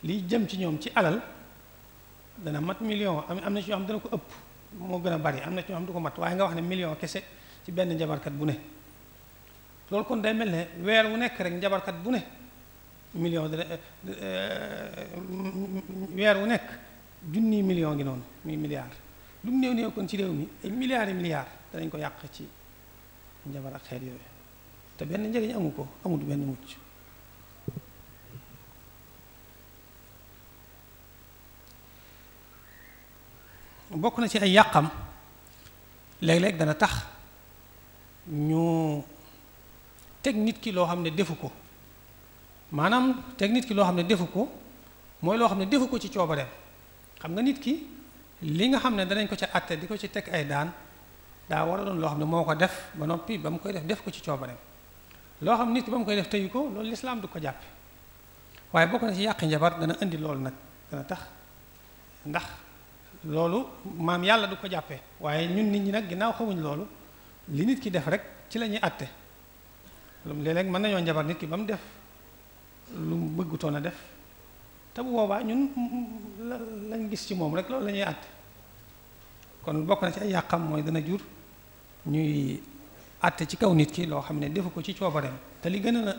liy jëm ci ñoom ci alal dana mat million am am na ci ñoo xam dana ko ëpp moo gën a bari am na ci ñoo xam du ko mat waaye nga wax ne million kese ci benn njabarkat bu ne loolu kon day mel ne weer wu nekk rek njabarkat bu ne million de euh, euh, wu nekk junni million ngi noonu muy milliard lu mu néew néew kon ci réew mi ay milliards et milliards danañ ko yàq ci njabar ak xeet yooyu te benn njëriñ amu ko amut benn mucc bokk na ci ay yàqam léeg-léeg dana tax ñu teg nit ki loo xam ne defu ko maanaam teg nit ki loo xam ne defu ko mooy loo xam ne defu ko ci coobareem xam nga nit ki li nga xam ne danañ ko ca àtte di ko ci teg ay daan daa war a doon loo xam ne moo ko def ba noppi ba mu koy def def ko ci coobareem loo xam nit ki ba mu koy def teyu ko loolu lislaam du ko jàppe waaye bokk na ci yàqi njabar dana indi loolu nag dana tax ndax loolu maam yàlla du ko jàppe waaye ñun nit ñi nag ginnaaw xamuñ loolu li nit ki def rek ci la ñuy àtte léeg-léeg mën nañoo njabar nit ki ba mu def lu mu bëggutoon a def te bu boobaa ñun lañ gis ci moom rek loolu lañuy ñuy àtte kon bokk na ci ay yàqam mooy dana jur ñuy àtte ci kaw nit ki loo xam ne defu ko ci coobareem te li gën a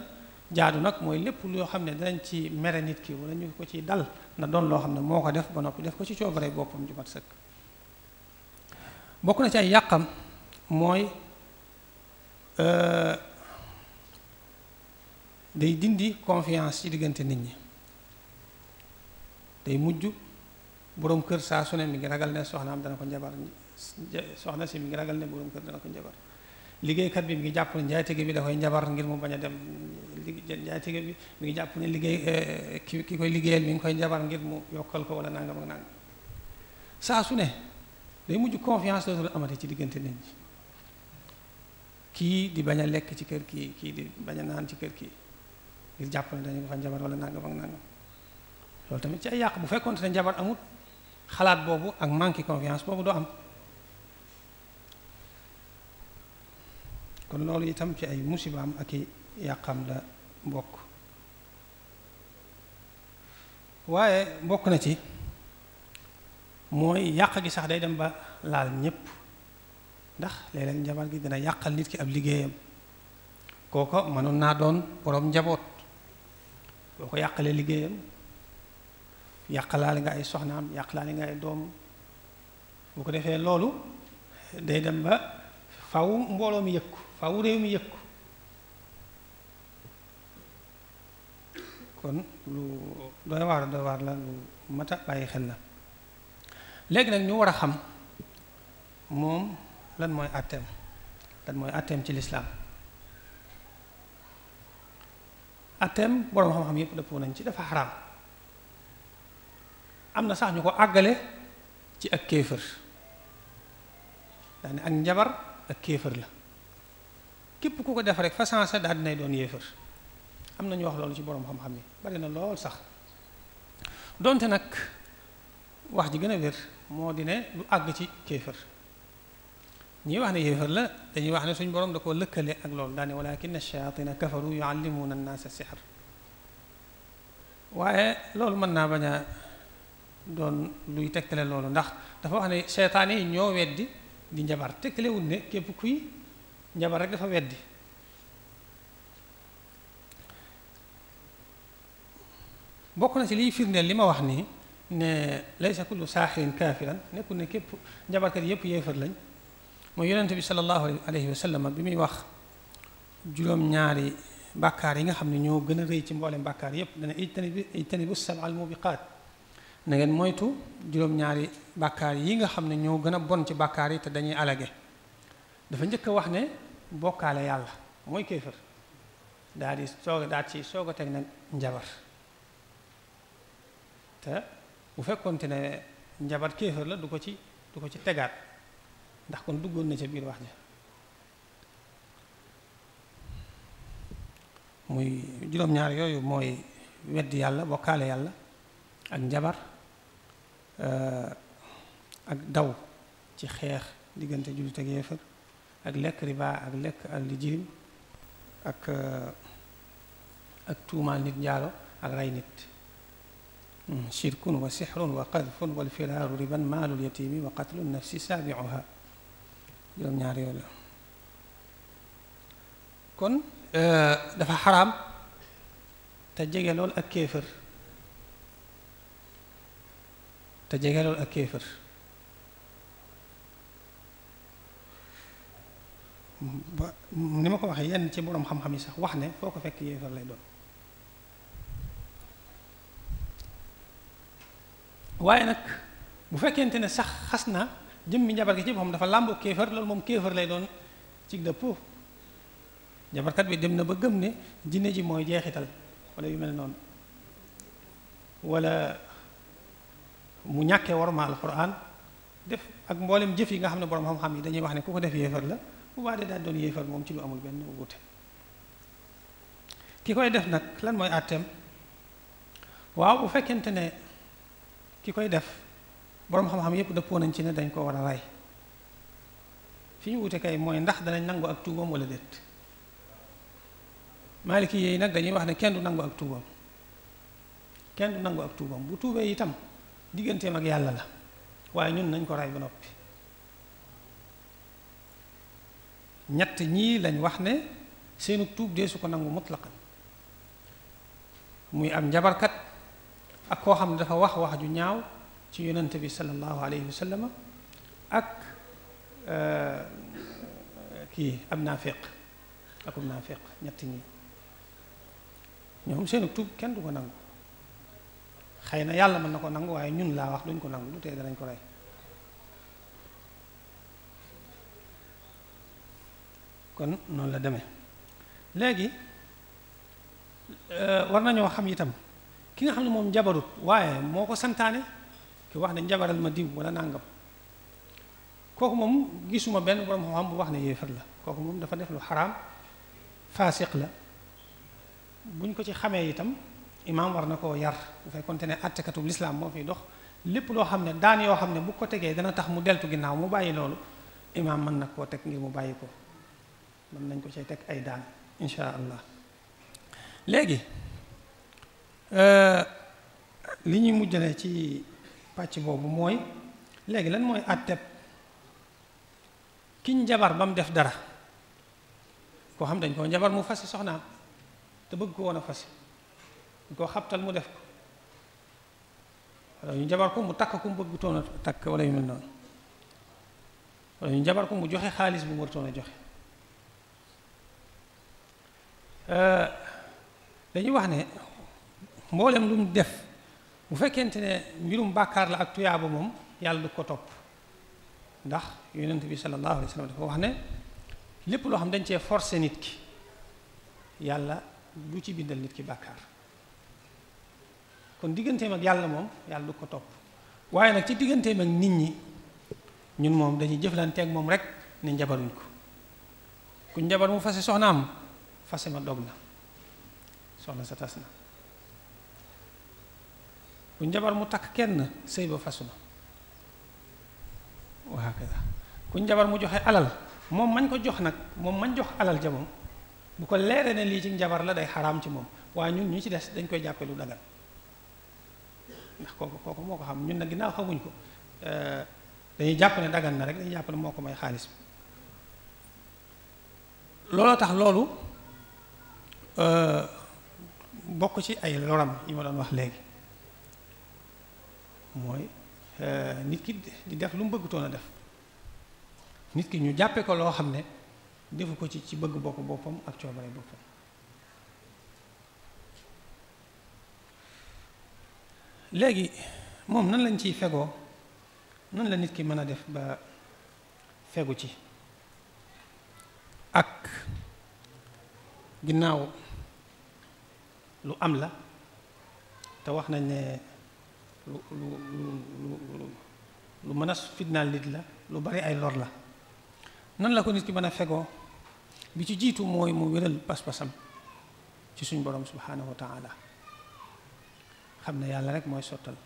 jaadu nag mooy lépp loo xam ne danañ ci mere nit ki wala ñu ko ci dal na doon loo xam ne moo ko def ba noppi def ko ci coobare boppam ju mat sëkk bokk na ci ay yàqam mooy euh, day dindi confiance ci diggante nit ñi day mujj boroom kër saa su ne mi ngi ragal ne soxna soxnaam dana ko njabar soxna si mi ngi ragal ne boroom kër dana ko njabar liggéeykat bi mu ngi jàpp ne njaaytege bi da koy njabar ngir mu bañ a dem jaatige bi mi ngi jàpp ne liggéey eh, ki ki koy liggéeyal mi ngi koy jabar ngir mu yokkal ko wala nangam ak nangam saa su ne day mujj confiance dootul amati ci diggante nit kii di bañ a lekk ci kër kii kii di bañ naan ci kër kii ngir dañu ko fa jabar wala nangam ak nangam loolu tamit ci ay yàq bu fekkoon ne jabar amut xalaat boobu ak manque confiance boobu doo am kon loolu itam ci ay musibaam ak i yàqam la mbokk waaye bokk na ci mooy yàq gi sax day dem ba laal ñépp ndax léeg-léeg njabar gi dina yàqal nit ki ab liggéeyam kooko mënoon naa doon boroom njaboot boo ko yàqalee liggéeyam yàq yàqalaale nga ay soxnaam yàqalaale nga ay doom bu ko defee loolu day dem ba faw mbooloo mi yëg ko faw réew mi yëg ko kon lu doy waar doy waar la lu mat bàyyi xel la léegi nag ñu war a xam moom lan mooy àtteem lan mooy àtteem ci lislaam àtteem boroom xam-xam yépp dëppoo nañ ci dafa xaraam am na sax ñu ko àggale ci ak kéefër daane ak njabar ak kéefër la képp ku ko def rek fa sansa daal doon yéefër am na ñu wax loolu ci borom xam-xam yi bari na lool sax donte nag wax ji gën a wér moo di ne lu àgg ci kéefër ñii wax ne yéefar la dañuy wax ne suñu borom da koo lëkkale ak loolu daane walakin shayatina kafaru yuallimuuna annaasa sixar waaye loolu mën naa bañ doon luy tegtale loolu ndax dafa wax ne seetaane yi ñoo weddi di njabar tegtalewul ne képp kuy njabar rek dafa weddi bokk na ci liy firndeel li ma wax nii ne laysa kullu saaxirin kaafiran nekkul ne képp njabarkat yëpp yéefar lañ mooy yonente bi sallallahu alayhi wa sallam bi muy wax juróom-ñaari yi nga xam ne ñoo gën a rëy ci mboolem bàkkaar yëpp dana ijtanibu ijtanibu sab'al mubiqaat na ngeen moytu juróom-ñaari bàkkaar yi nga xam ne ñoo gën a bon ci bàkkaar yi te dañuy alage dafa njëkk a wax ne bokkaale yàlla mooy kéefar daa di soog a ci soog a teg nag njabar te bu fekkoonte ne njabar kéefër la du ko ci du ko ci tegaat ndax kon duggoon na ca biir wax ja muy juróom-ñaar yooyu mooy weddi yàlla bokkaale yàlla ak njabar euh, ak daw ci xeex diggante jullit ak ak lekk riba ak lekk ak li jirim ak euh, ak tuumaal nit njaalo ak rey nit shirkun wa sixrun wa qadfun wal firaaru riban maalul yatiimi wa qatlu nafsi saabiuha juróom-ñaar yooyu la kon dafa xaraam te jege ak kéefër te jege lool ba ni ma ko waxe yen ci borom xam-xam yi sax wax ne foo ko fekk yéefar lay doon waaye nag bu fekkente ne sax xas na jëmmi njabar gi ci boppam dafa làmbu kéefër loolu moom kéefër lay doon ci dëppoo jabarkat bi dem na ba gëm ne jinne ji mooy jeexital wala yu mel noonu wala mu ñàkkee warma alquran def ak mboolem jëf yi nga xam ne borom xam-xam yi dañuy wax ne ku ko def yéefar la bu baa dee daal doon yéefar moom ci lu amul benn wuute ki koy def nag lan mooy àtteem waaw bu fekkente ne ki koy def boroom xam-xam yépp dëppoo nañ ci ne dañ ko war a rey fi ñu wute kay mooy ndax danañ nangu ak tuubam wala déet maaliki yi nag dañuy wax ne kenn du nangu ak tuubam kenn du nangu ak tuubam bu tuubee itam digganteem ak yàlla la waaye ñun nañ ko rey ba noppi ñett ñii lañ wax ne seenu tuub dee su ko nangu mutlaqan muy am njabarkat ak koo xam ne dafa wax wax ju ñaaw ci yonante bi sallallahu alayhi wa sallam ak euh, kii am naafiq akum naafiq ñetti ñi ñoom seenu tuub kenn du ko nangu xëy na yàlla mën na ko nangu waaye ñun laa wax duñ ko nangu lu tee danañ ko rey kon noonu la demee léegi euh, war nañoo xam itam ki nga xam ne moom njabarut waaye moo ko santaane ki wax ne njabaral ma diw wala nàngam kooku moom gisuma benn borom xam-xam bu ne yéefar la kooku moom dafa def lu xaraam faasiq la buñ ko ci xamee itam imaam war na koo yar bu fekkoonte ne attekatub lislaam moo fiy dox lépp loo xam ne daan yoo xam ne bu ko tegee dana tax mu deltu ginnaaw mu bàyyi loolu imaam mën na koo teg ngir mu bàyyi ko mën nañ ko cay teg ay daan insha allah léegi Euh, li ñuy mujjale ci pàcc boobu mooy léegi lan mooy àtteb kiñ jabar ba mu def dara koo xam dañ koo njabar mu fasi soxnaam te bëgg ko woon a fasi dañ koo xabtal mu def ko wala ñu jabar ko mu takk ko mu bëgg takk wala yu mel noonu wala ñu jabar ko mu joxe xaalis bu mu war a joxe euh, dañu wax ne mboolem lu mu def bu fekkente ne mbirum bàkkaar la ak tuyaaba moom yàlla du ko topp ndax yonent bi sallallahu alayhi wa sallam dafa wax ne lépp loo xam dañ cee forcer nit ki yàlla du ci bindal nit ki bàkkaar kon digganteem ak yàlla moom yàlla du ko topp waaye nag ci digganteem ak nit ñi ñun moom dañuy jëflanteeg moom rek ne njabaruñ ko ku njabar mu fase soxnaam fase ma dog na soxna sa tas na ku njabar mu takk kenn sëy ba fasu na waaw ku njabar mu joxe alal moom mañ ko jox nag moom mañ jox alal ja moom bu ko leeree ne lii ci njabar la day xaraam ci moom waaye ñun ñu ci des dañ koy jàppee lu dagan ndax moo ko xam ñun nag ginnaaw xamuñ ko dañuy jàpp ne na rek dañuy jàpp ne moo ko may xaalis bi looloo tax loolu bokk ci ay loram yi ma doon wax léegi mooy euh, nit ki di def lu mu bëggutoon a def nit ki ñu jàppe ko loo xam ne defu ko ci ci bëgg bokk boppam ak coobare boppam léegi moom nan lañ ciy fegoo nan la nit ki mën a def ba fegu ci ak ginnaaw lu am la te wax nañ ne lu lu lu lu mën a fitnaal liit la lu bari ay lor la nan la ko nit ki mën a fegoo bi ci jiitu mooy mu wéral pas-pasam ci suñ borom subhaanahu wa taala xam ne yàlla rek mooy sottal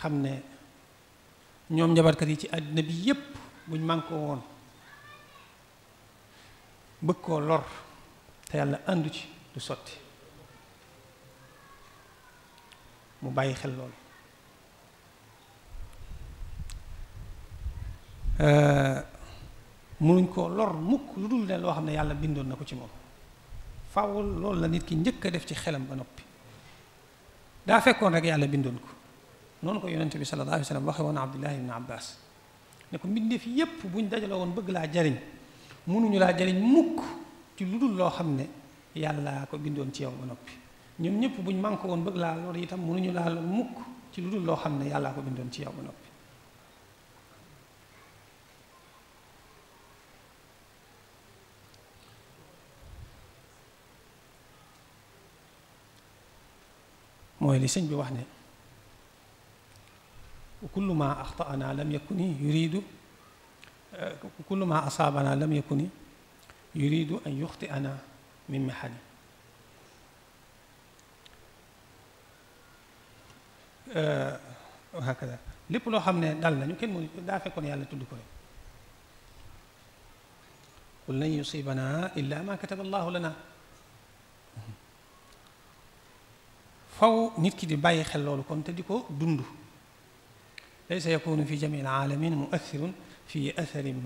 xam ne ñoom njabarkat yi ci àddina bi yépp buñ mànkoo woon bëgg koo lor te yàlla àndu ci du sotti mu bàyyi xel loolu euh, mënuñ koo lor mukk lu dul ne loo xam ne yàlla bindoon na ko ci moom faaw loolu la nit ki njëkk a def ci xelam ba noppi daa fekkoon rek yàlla bindoon ko noonu ko yonent bi sallallahu alayhi wa sallam waxe woon abdullahi ibn abbas ne ko mbindeef yépp bu dajaloo dajalewoon bëgg laa jariñ mënuñu laa jariñ mukk ci lu dul loo xam ne yàlla ko bindoon ci yow ba noppi ñoom ñëpp buñ mànk woon bëgg laa lor itam mënuñu laa lor mukk ci lu dul loo xam ne yàllaa ko bindoon ci yow ba noppi mooy li bi wax ne kullu ma axtaana lam yakuni yuridu euh, kullu ma asaabana lam yakuni yuridu an yuxti min mahani Euh, hakada lépp loo xam ne dal nañu kenn mënu daa fekkoon yàlla tudd ko qul lan yusibana illa ma kataba allahu lana faw nit ki di bàyyi xel loolu kon te di ko dund laysa yakunu fi jami alaalamin muathirun fi atharin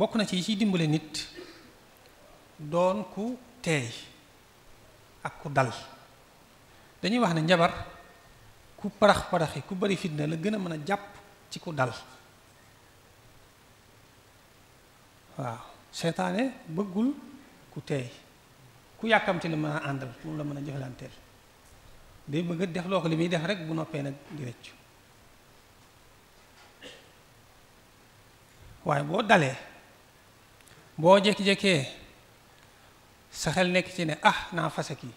bokk na ci ciy dimbale nit doon ku teey ak ku dal dañuy wax ne njabar ku parax paraxi ku bari fitna la gën a mën a jàpp ci ku dal waaw seetaane bëggul ku teey ku yàkkamti la mën a àndal moom la mën a jëflanteel day bëgg def loo ko li muy def rek bu noppee nag di rëccu waaye boo dalee boo jékki-jékkee sa xel nekk ci ne ah naa fase kii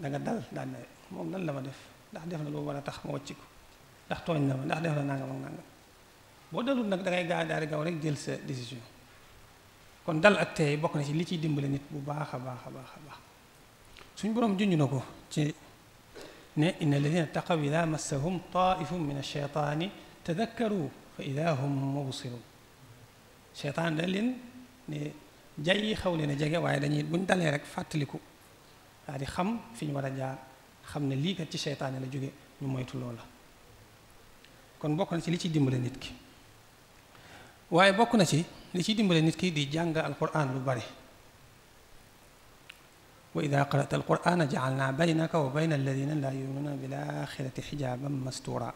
da nga dal daan ne moom lan la ma def ndax def na lu war a tax ma wàcc ndax tooñ na ma ndax def na nangam nga nangam boo dalul nag da ngay gaaw daal gaaw rek jël sa décision kon dal at tey bokk na ci li ciy dimbale nit bu baax a baax a baax a baax suñ boroom junj na ko ci ne inna alladina taqaw ida massahum taifum min alcheytaani tadakkaru fa ida hum mubsirun cheytaan da leen ne jay yi xaw leen a jege waaye dañuy buñ dalee rek fàttaliku daal di xam fi ñu war a jaar xam ne lii kat ci seytaane la jóge ñu moytu loola kon bokk na ci li ciy dimbale nit ki waaye bokk na ci li ciy dimbale nit ki di jàng alquran lu bari wa ida qarata alqurana jacalna baynaka wa bayna alladina laa yuminuuna bil axirati xijaaban mastura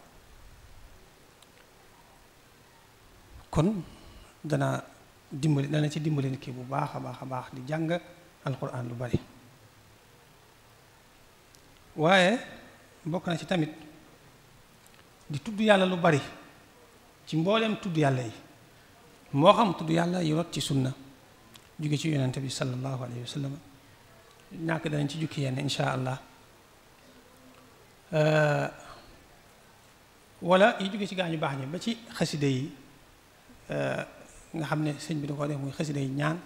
kon dana dimbali dana ci dimbali nit ki bu baax a baax a baax di jàng alquran lu bari waaye bokk na ci tamit di tudd yàlla lu bari ci mbooleem tudd yàlla yi moo xam tudd yàlla yi ci sunna jóge ci yonent bi sallallahu alayhi wa sallam ñàkk danañ ci jukki yenn insha allah wala yi jóge ci gaañu baax ñi ba ci xaside yi nga xam ne sëñ bi da koo def muy xasida yi ñaan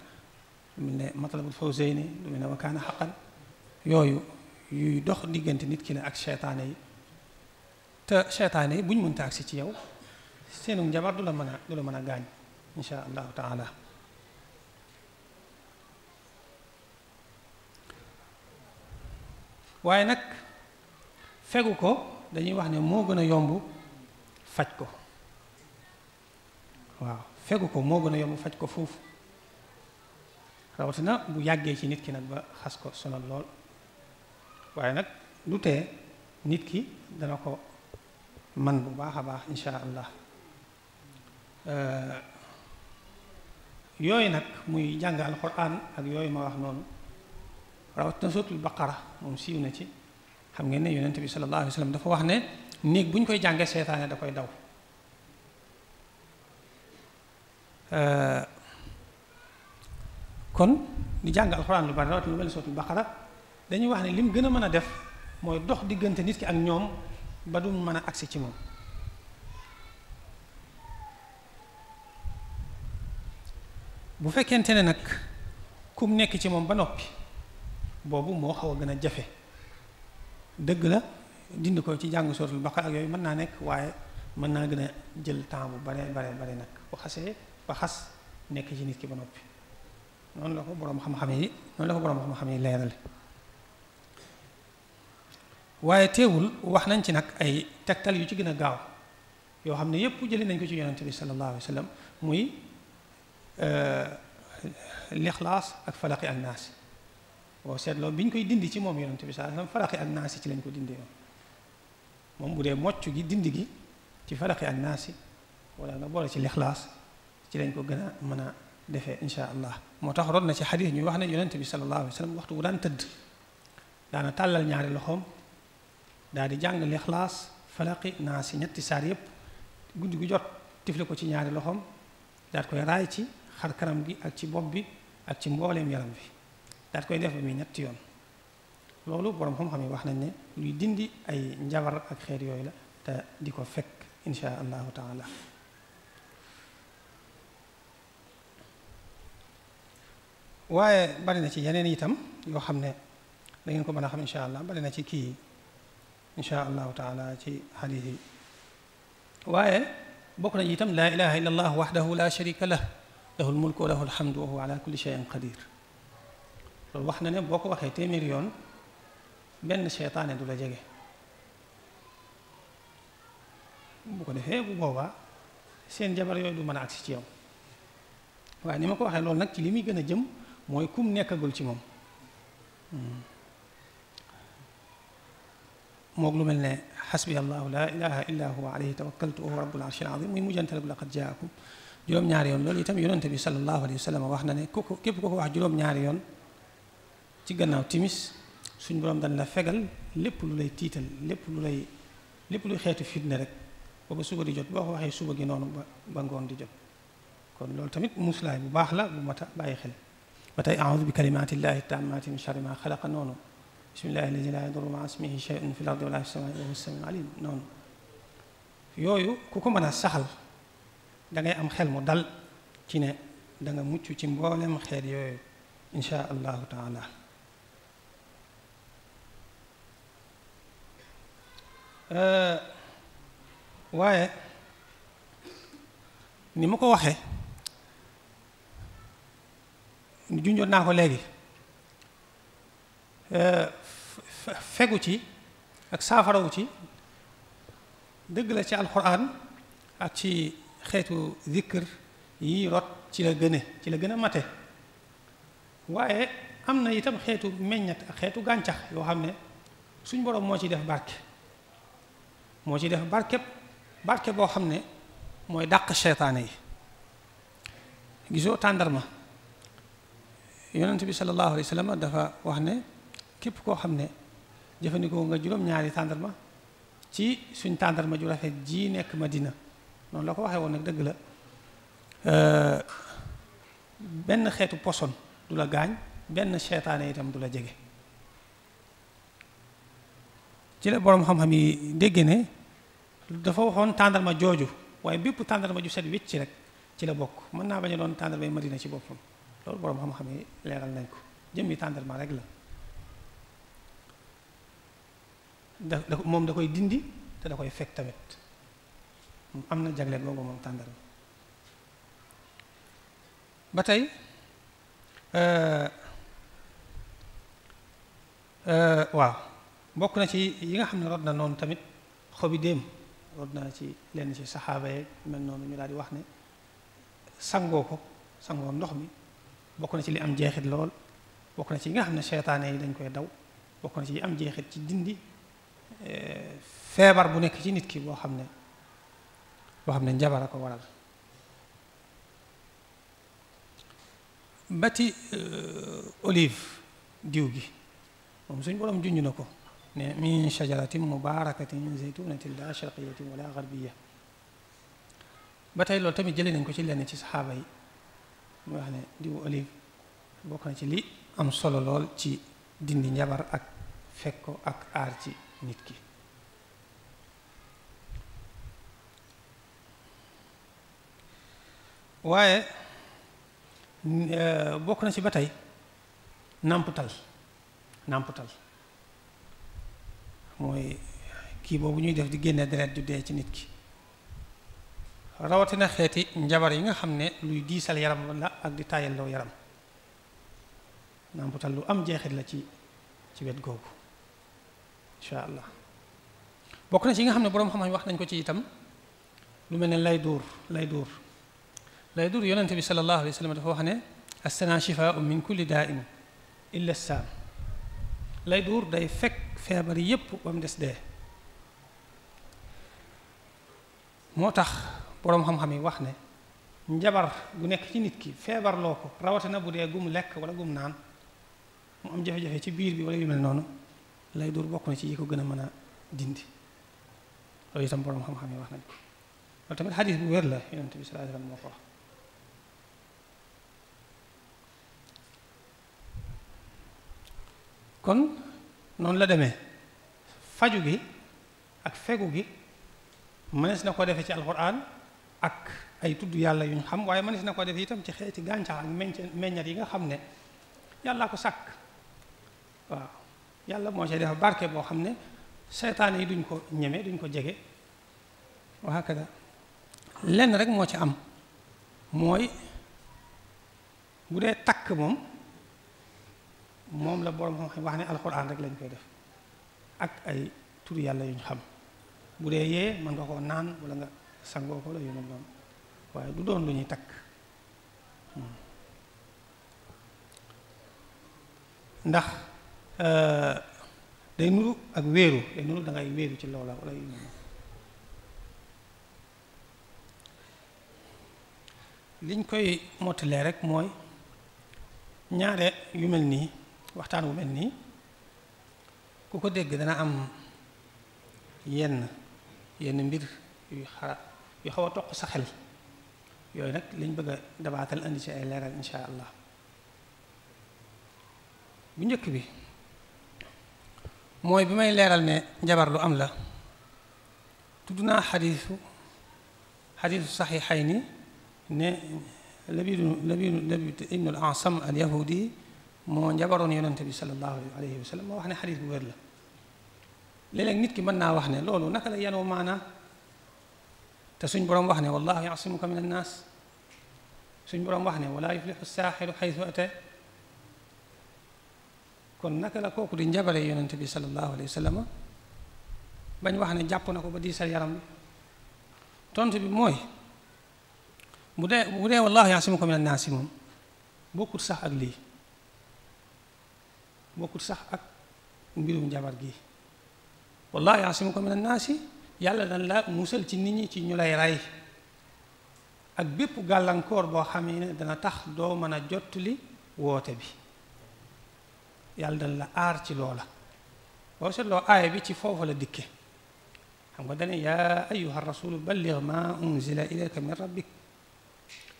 lu mel ne matlabul fawzayni lu ne wakaana xaqan yooyu yuy dox diggante nit ki la ak seytaane yi te seytaane yi bu ñu mënta agsi ci yow seenu njabar du la mën a du la mën a gaañ insha allahu taala waaye nag fegu ko dañuy wax ne moo gën a yomb faj ko waaw fegu ko moo gën a yomb faj ko foofu rawatina bu yàggee ci nit ki nag ba xas ko sonal lool waaye nag du tee nit ki dana ko man bu baax a baax insha allah euh, yooyu nag muy jàng alquran ak yooyu ma wax noonu rawatina suratul baqara moom siiw na ci xam ngeen ne yonent bi sallallahu alayhi wa sallam dafa wax ne néeg bu ñu koy jàngee seetaane da koy daw Euh, kon ñu jàng alxuraan lu bari rawatina lu mel ni sootul baqara dañuy wax ne lim gën a mën a def mooy dox diggante nit ki ak ñoom ba du mën a agsi ci moom bu fekkente ne nag kum nekk ci moom ba noppi boobu moo xaw a gën a jafe dëgg la dindi ko ci jàng sootul baqara ak yooyu mën naa nekk waaye mën naa gën a jël temps bu bare bare bare nag bu ba xas nekk ci nit ki ba noppi noonu la ko boroom xam-xam yi noonu la ko boroom xam-xam yi leerale waaye teewul wax nañ ci nag ay tegtal yu ci gën a gaaw yoo xam ne yépp jëlee nañ ko ci yonante bi sallallahu alayhi wa sallam muy euh, lixlaas ak falaqi ak naasi boo seetloo bi ñu koy dindi ci moom yonante bi sallallahu alayhi wa sallam falaqi ak naasi ci lañ ko dindee moom moom bu dee mocc gi dindi gi ci falaqi ak naasi wala nga boole ci lixlaas ci lañ ko gën a mën a defee incha allah moo tax rod na ci xadis ñuy wax nañ yonent bi sallallahu alayhi wa sallam waxtu bu daan tëdd daana tàllal ñaari loxoom daal di jàng lixlaas falaqi naa si ñetti saar yépp guddi gu jot tifli ko ci ñaari loxoom daat koy raay ci xar kanam gi ak ci bopp bi ak ci mbooleem yaram bi daat koy def mi ñetti yoon loolu borom xam-xam yi wax nañ ne luy dindi ay njabar ak xeet yooyu la te di ko fekk incha allahu taala waaye bari na ci yeneen itam yoo xam ne da ko mën a xam incha allah bari na ci kii incha allahu taala ci xadiis yi waaye bokk nañu itam la ilaha illa allah waxdahu la sharika lah lahu lmulku wa lahu alhamdu wa huwa ala kulli cheyin qadir loolu wax na ne boo ko waxee téeméer yoon benn seytaane du la jege bu ko defee bu boobaa seen jabar yooyu du mën a agsi ci yow waaye ni ma ko waxee loolu nag ci li muy gën a jëm mooy kum nekkagul ci moom hmm. moog lu mel ne xasbi allahu laa ilaha illa huwa alayhi tawakkaltu wa huwa rabbul arshil azim muy mujjantal bu laqad jaakum juróom-ñaari yoon loolu itam yonente bi sallallahu alayhi wa sallam wax na ne ku ko képp ku ko wax juróom-ñaari yoon ci gannaaw timis suñ boroom dañ la fegal lépp lu lay tiital lépp lu lay lépp luy xeetu fitna rek booba suba di jot boo ko waxee suba gi noonu ba ba ngoon di jot kon loolu tamit musulaay bu baax la bu mat a bàyyi xel ba tey aoudu bi kalimatillahi tammati min charri ma xalaqa noonu bismillahi alladi la yadurru ma ismihi shay'un fi noonu yooyu ku ko mën a saxal da ngay am xel mu dal ci ne da nga mucc ci mboolem xeet yooyu insha allahu taala euh, waaye ni ma ko waxee junjoon naa ko léegi euh, fegu ci ak saafarawu ci dëgg la ci alxuraan ak ci xeetu zikr yi rot ci la gëne ci la gën a mate waaye am na itam xeetu meññat ak xeetu gàncax yoo xam ne suñ borom moo ci def barke moo ci def barke barke boo xam ne mooy dàq seytaane yi gisoo tàndarma yonent bi sallallahu alayhi wa dafa wax ne képp koo xam ne jëfandikoo nga juróom-ñaari tàndarma ci suñ tàndarma ju rafet jii nekk ma dina noonu la ko waxee woon nag dëgg la euh, benn xeetu poson du la gaañ benn seetaane itam du la jege ci la boroom xam-xam yi dégg ne dafa waxoon tàndarma jooju waaye bépp tàndarma ju set wécc rek ci la bokk mën naa bañ a doon tàndarmay Madina ci boppam loolu boroom xam-xam yi leeral nañ ko jëmmi tàndarma rek la da da moom da koy dindi te da koy fekk tamit am na jagleel boobu moom tàndarma ba tey euh, euh, waaw bokk na ci yi nga xam ne rod na noonu tamit xobi déem rod na ci lenn ci saxaaba yeeg mel noonu ñu daal di wax ne sangoo ko sangoo ndox mi bokk na ci li am jeexit lool bokk na ci yi nga xam ne seytaane yi dañ koy daw bokk na ci yi am jeexit ci dindi eh, feebar bu nekk ci nit ki boo xam ne boo xam ne njabar a ko waral ba ci eh, olive diw gi moom suñ borom junj na ko ne min shajaratin mubarakatin zaytunatin la sharqiyatin wala garbiya ba tey loolu tamit jëlee nañ ko ci lenn ci saxaaba yi muy wax ne diwu olive bokk na ci li am solo lool ci dindi njabar ak fekk ko ak aar ci nit ki waaye euh, bokk na ci ba tey nàmputal nàmputal mooy kii boobu ñuy def di génne deret ju dee ci nit ki rawatina xeeti njabar yi nga xam ne luy diisal yaram la ak di taayal law yaram nàmputal lu am jeexit la ci ci wet googu incha allah bokk na ci yi nga xam ne boroom xam-xam wax nañ ko ci itam lu mel ne lay duur lay duur lay duur yonent bi sallallahu alayhi dafa wax ne assanaa shifaau min kulli daa in illa saam lay duur day fekk feebar yépp ba mu des dee moo tax boroom xam-xam yi wax ne njabar gu nekk ci nit ki feebarloo ko rawatina bu dee gum lekk wala gum naan mu am jafe-jafe ci biir bi wala yu mel noonu lay dur bokk na ci yi ko gën a mën a dindi loolu itam borom xam-xam yi wax nañ ko loolu tamit xadis bu wér la yonent bi sallallahu alayhi moo ko kon noonu la demee faju gi ak fegu gi mënees na ko defe ci alquran ak ay tudd yàlla yuñ xam waaye mënees na ko def itam ci xeeti gàncax ak meññat yi nga xam ne yàlla ko sàkk waaw yàlla moo ci def barke boo xam ne seetaane yi duñ ko ñeme duñ ko jege waa kada lenn rek moo ci am mooy bu dee takk moom moom la borom xam wax ne alxuraan rek lañ koy def ak ay tur yàlla yuñ xam bu dee yee mën nga koo naan wala nga sangoo ko la yu mel waaye du doon lu ñuy takk ndax euh, day nuru ak wéeru day nuru da wéeru ci loola walla yu liñ koy mottalee rek mooy ñaare yu mel nii waxtaan wu mel nii ku ko dégg dana am yenn yenn mbir yu xara yu xaw a toq sa xel yooyu nag lañ bëgg a dabaatal indi ci ay leeral insha allah bu njëkk bi mooy bi may leeral ne njabar lu am la tudd naa xadiisu xadiisu saxiixayni ne labidu labidu labidu ibnu al asam al yahudi moo njabaroon yonente bi salallahu alayhi wax ne xadiis bu wér la léeg nit ki mën naa wax ne loolu naka la yanoo maanaa te suñ borom wax ne wallahu yasimuka min annaas suñ boroom wax ne wala yuflixu saaxiru xaytu ate kon naka la kooku di njabare yonent bi sallallahu alayhi wa bañ wax ne jàpp na ko ba diisal yaram bi tontu bi mooy bu de bu dee wallahu yasimuka min annaas moom bokkut sax ak lii bokkut sax ak mbirum njabar gi wallahu yasimuka min annaas yàlla dan la musal ci nit ñi ci ñu lay ray ak bépp gàllankoor boo xam ne dana tax doo mën a jottali woote bi yàlla dan la aar ci loola boo loo aaya bi ci foofu la dikke xam nga dane yaa ayuha rasulu balligh ma unzila ilayka min rabbik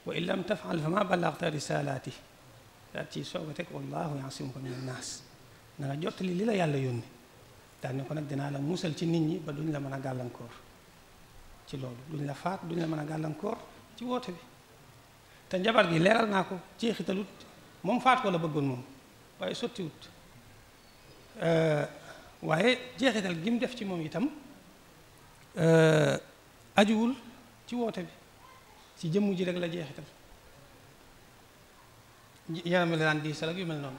wa in lam tafal fa ma ballagta risalaati daat ci soog a teg wallahu yasimuka min annaas na nga jottali li la yàlla yónni daal ne ko nag dinaa la musal ci nit ñi ba duñ la mën a gàllankoor ci loolu duñ la faat duñ la mën a gàllankoor ci woote bi te njabar gi leeral naa ko jeexitalut moom faat ko la bëggoon moom waaye sottiwut euh, waaye jeexital gi mu def ci moom itam euh, ajuwul ci woote bi ci jëmm ji rek la jeexital yaram la daan diisal ak yu mel noonu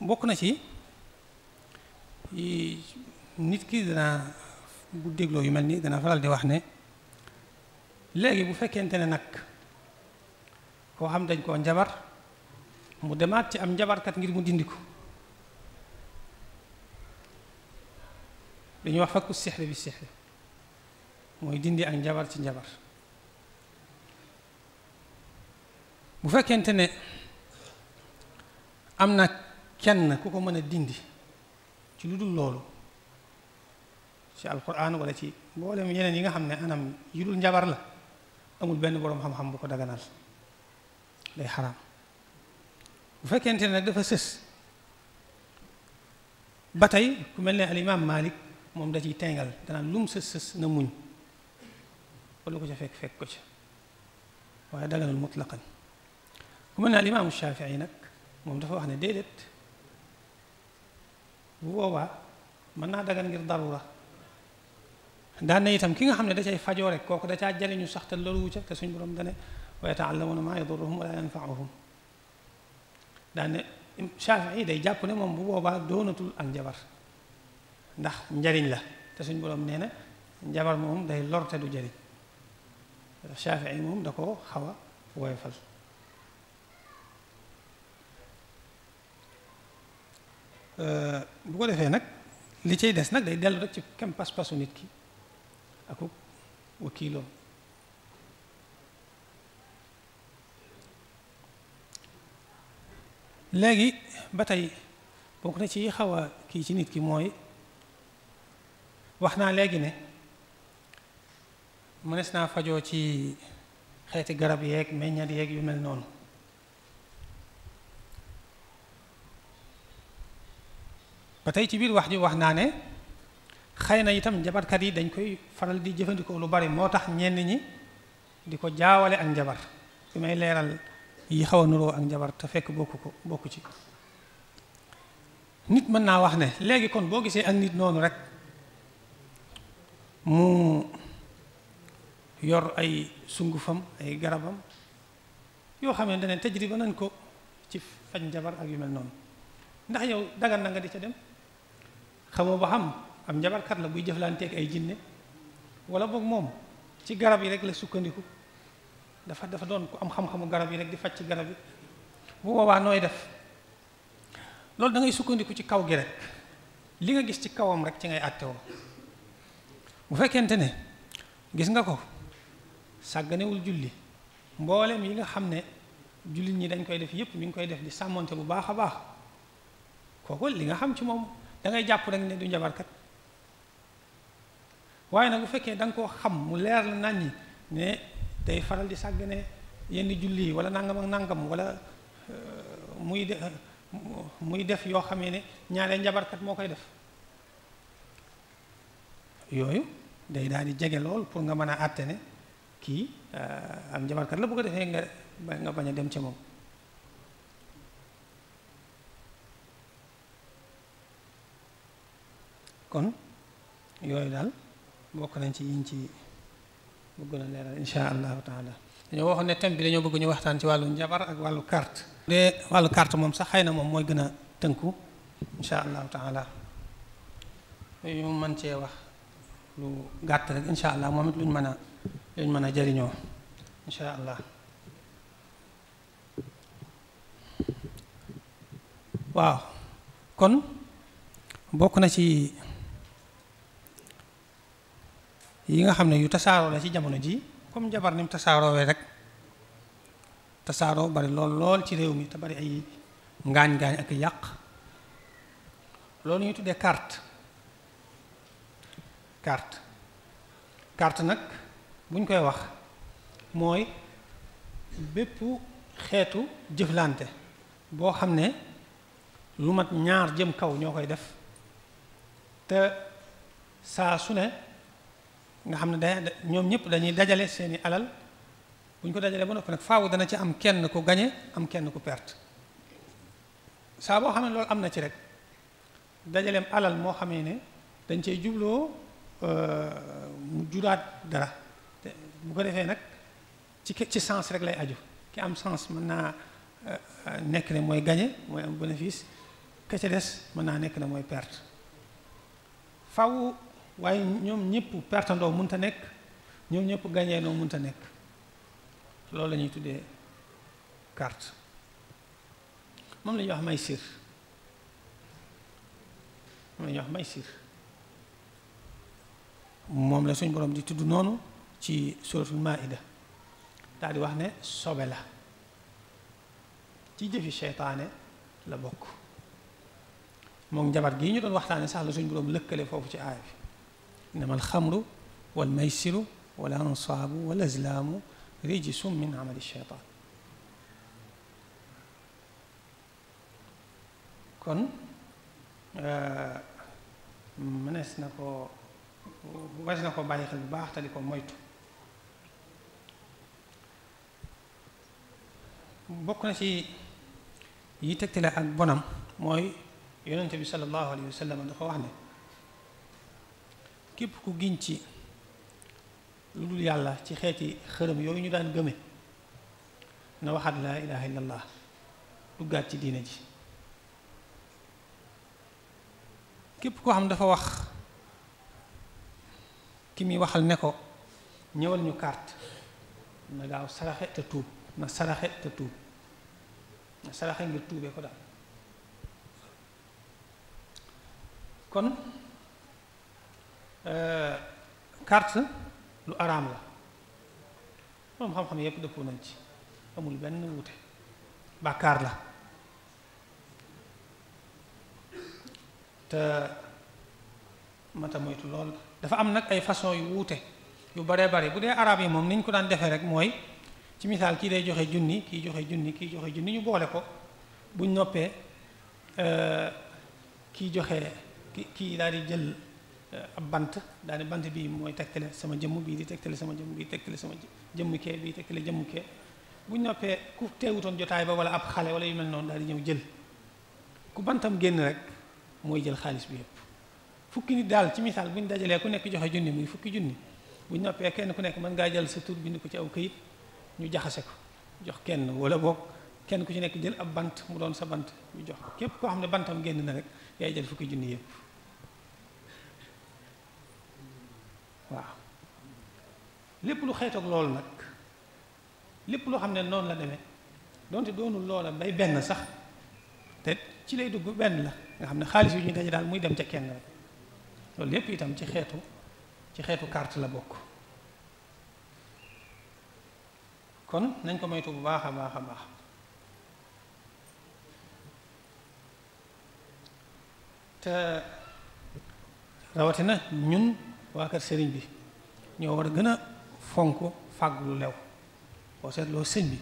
bokk na ci nit ki dana bu dégloo yu mel ni dana faral di wax ne léegi bu fekkente ne nag koo xam dañ koo njabar mu demaat ci am njabarkat ngir mu dindi ko dañuy wax fakku sixri bi sixri mooy dindi ak njabar ci njabar bu fekkente ne am na kenn ku ko mën a dindi ci lu dul loolu ci alquran wala ci mboolem yeneen yi nga xam ne anam yu dul njabar la amul benn boroom xam-xam bu ko daganal day xaraam bu fekkente ne nag dafa sës ba tey ku mel ne alimaam Malik moom da ciy tengal danaan lum sës sës na muñ wala ko a fekk fekk ko ca waaye daganul mutlaqan ku mel ne alimaam yi nag moom dafa wax ne déedéet bu boobaa mën naa dagan ngir darura daan yitam ki nga xam ne da cay fajoo rek kooku da caa jariñu sax te loolu wu ca te suñ borom dane wa yata'allamuna ma yadurruhum wala yanfa'uhum daan ne Shaafi'i day jàpp ne moom bu boobaa doonatul ak njabar ndax njariñ la te suñ borom nee na njabar moom day lor te du jariñ Shaafi'i moom da koo xaw a woyofal Euh, bu ko defee nag li ciy des nag day dellu rek ci kem pas-pasu nit ki aku wakiiloom léegi ba tey bokk na ci xaw a kii ci nit ki mooy wax naa léegi ne mënees naa fajoo ci xeeti garab yeeg meññat yeeg yu mel noonu ba tey ci biir wax ji wax naa ne xëy na itam njabarkat yi dañ koy faral di jëfandikoo lu bari moo tax ñenn ñi di ko jaawale ak njabar fi may leeral yi xaw a nuroo ak njabar te fekk bokku ko bokku ci nit mën naa wax ne léegi kon boo gisee ak nit noonu rek mu yor ay sungufam ay garabam yoo xamante ne tajriba nañ ko ci faj njabar ak yu mel noonu ndax yow dagan na nga di ca dem xamoo ba xam am njabarkat la buy jëflanteeg ay jinne wala boog moom ci garab yi rek la sukkandiku dafa dafa doon ku am xam-xamu garab yi rek di faj ci garab yi bu boobaa nooy def loolu dangay sukkandiku ci kaw gi rek li nga gis ci kawam rek ci ngay àttewoo bu fekkente ne gis nga ko sàgganewul julli mboolem yi nga xam ne jullit ñi dañ koy def yépp ñu ngi koy def di sàmmoonte bu baax a baax kooku li nga xam ci moom da ngay jàpp rek ne du njabarkat waaye nag bu fekkee da nga koo xam mu leer la nañ ñi ne day faral di sàgg ne yenn julli yi wala nangam ak nangam wala euh, muy de euh, def yoo xamee ne ñaaree njabarkat moo koy def yooyu day daal di jege lool pour nga mën a àtte ne kii euh, am njabarkat la bu ko defee nga nga bañ a dem ca moom kon yooyu daal bokk nañ ci yiñ ci bëgg na leeral insha allahu taala dañoo waxoon ne thème bi dañoo bëgg ñu waxtaan ci wàllu njabar ak wàllu carte de wàllu carte moom sax xay na moom mooy gën a tënku insha allahu taala ñu man cee wax lu gàtt rek insha allah moom it luñ mën a luñ mën a jariñoo insha allah waaw kon bokk na ci yi nga xam ne yu tasaaroo la ci jamono ji comme jabar ni mu tasaaroo tasaaroowee rek tasaaroo bari lool lool ci réew mi te bari ay ngaañ-ngaañ ak yàq loolu ñuy tuddee carte kart kart nag bu ñu koy wax mooy bépp xeetu jëflante boo xam ne lu mat ñaar jëm kaw ñoo koy def te saa su ne nga xam ne da ñoom ñëpp dañuy dajale seeni alal bu ñu ko dajalee ba noppi nag faaw dana ci am kenn ku gañe am kenn ku perte saa boo xam ne loolu am na ci rek dajaleem alal moo xamee ne dañ ci jubloo euh, mu juraat dara te bu ko defee nag ci ci sens rek lay aju ki am sens mën naa euh, nekk ne mooy gañe mooy am bénéfice ka ca des mën naa nekk ne mooy perte faw waaye ñoom ñëpp pertandoo mënta nekk ñoom ñëpp gañeendoo mënta nekk loolu la ñuy tuddee kart moom lañuy wax may sir moom la wax may sir moom la suñ boroom di tudd noonu ci suratul maida daal di wax ne sobe la ci jëfi seytaane la bokk moom njabar gii ñu doon waxtaane sax la suñ borom lëkkale foofu ci aaya bi إنما الخمر والميسر والأنصاب والأزلام رجس من عمل الشيطان kon euh, mënees na ko wees na ko bàyyi xel bu baax te di ko moytu bokk na ci yi tegtale ak bonam mooy yonente bi sallallahu alayhi wa sallam dafa wax ne képp ku giñ ci lu dul yàlla ci xeeti xërëm yooyu ñu daan gëme na waxaat laa ilaha illallah duggaat ci diine ji képp koo xam dafa wax ki muy waxal ne ko ñëwal ñu carte na gaaw saraxe te tuub na saraxe te tuub na saraxe ngir tuubee ko daal kon Euh, carte lu araam la moom xam-xam yépp dëppoo nañ ci amul benn wuute bàkkaar la te mata lool dafa am nag ay façon yu wuute yu baree bari bu dee araam yi moom ni ñu ko daan defee rek mooy ci misaal kii day joxe junni kii joxe junni kiy joxe junni ñu boole ko buñ noppee euh, kii joxe kii daal di jël ab bant daane bant bii mooy tegtale sama jëmm bii di tegtale sama jëmm bii tegtale sama jëmm kee bii tegtale jëmm kee bu noppee ku teewutoon jotaay ba wala ab xale wala yu mel noonu daal di ñëw jël ku bantam génn rek mooy jël xaalis bi yëpp fukki nit daal ci misaal bu ñu dajalee ku nekk joxe junni muy fukki junni bu noppee kenn ku nekk mën ngaa jël sa tur bind ko ci aw këyit ñu jaxase ko jox kenn wala boog kenn ku ci nekk jël ab bant mu doon sa bant ñu jox képp koo xam ne bantam génn na rek jël fukki junni yëpp waaw lépp lu xeetoog loolu nag lépp loo xam ne noonu la demee donte doonul loola bay benn sax te ci lay dugg benn la nga xam ne xaalis yu ñuy daje daal muy dem ca kenn rek loolu lépp itam ci xeetu ci xeetu kart la bokk kon nañ ko moytu bu baax a baax a te rawatina ñun waa kër sëriñ bi ñoo war a gën a fonk fàggu lu lew boo seetloo sëñ bi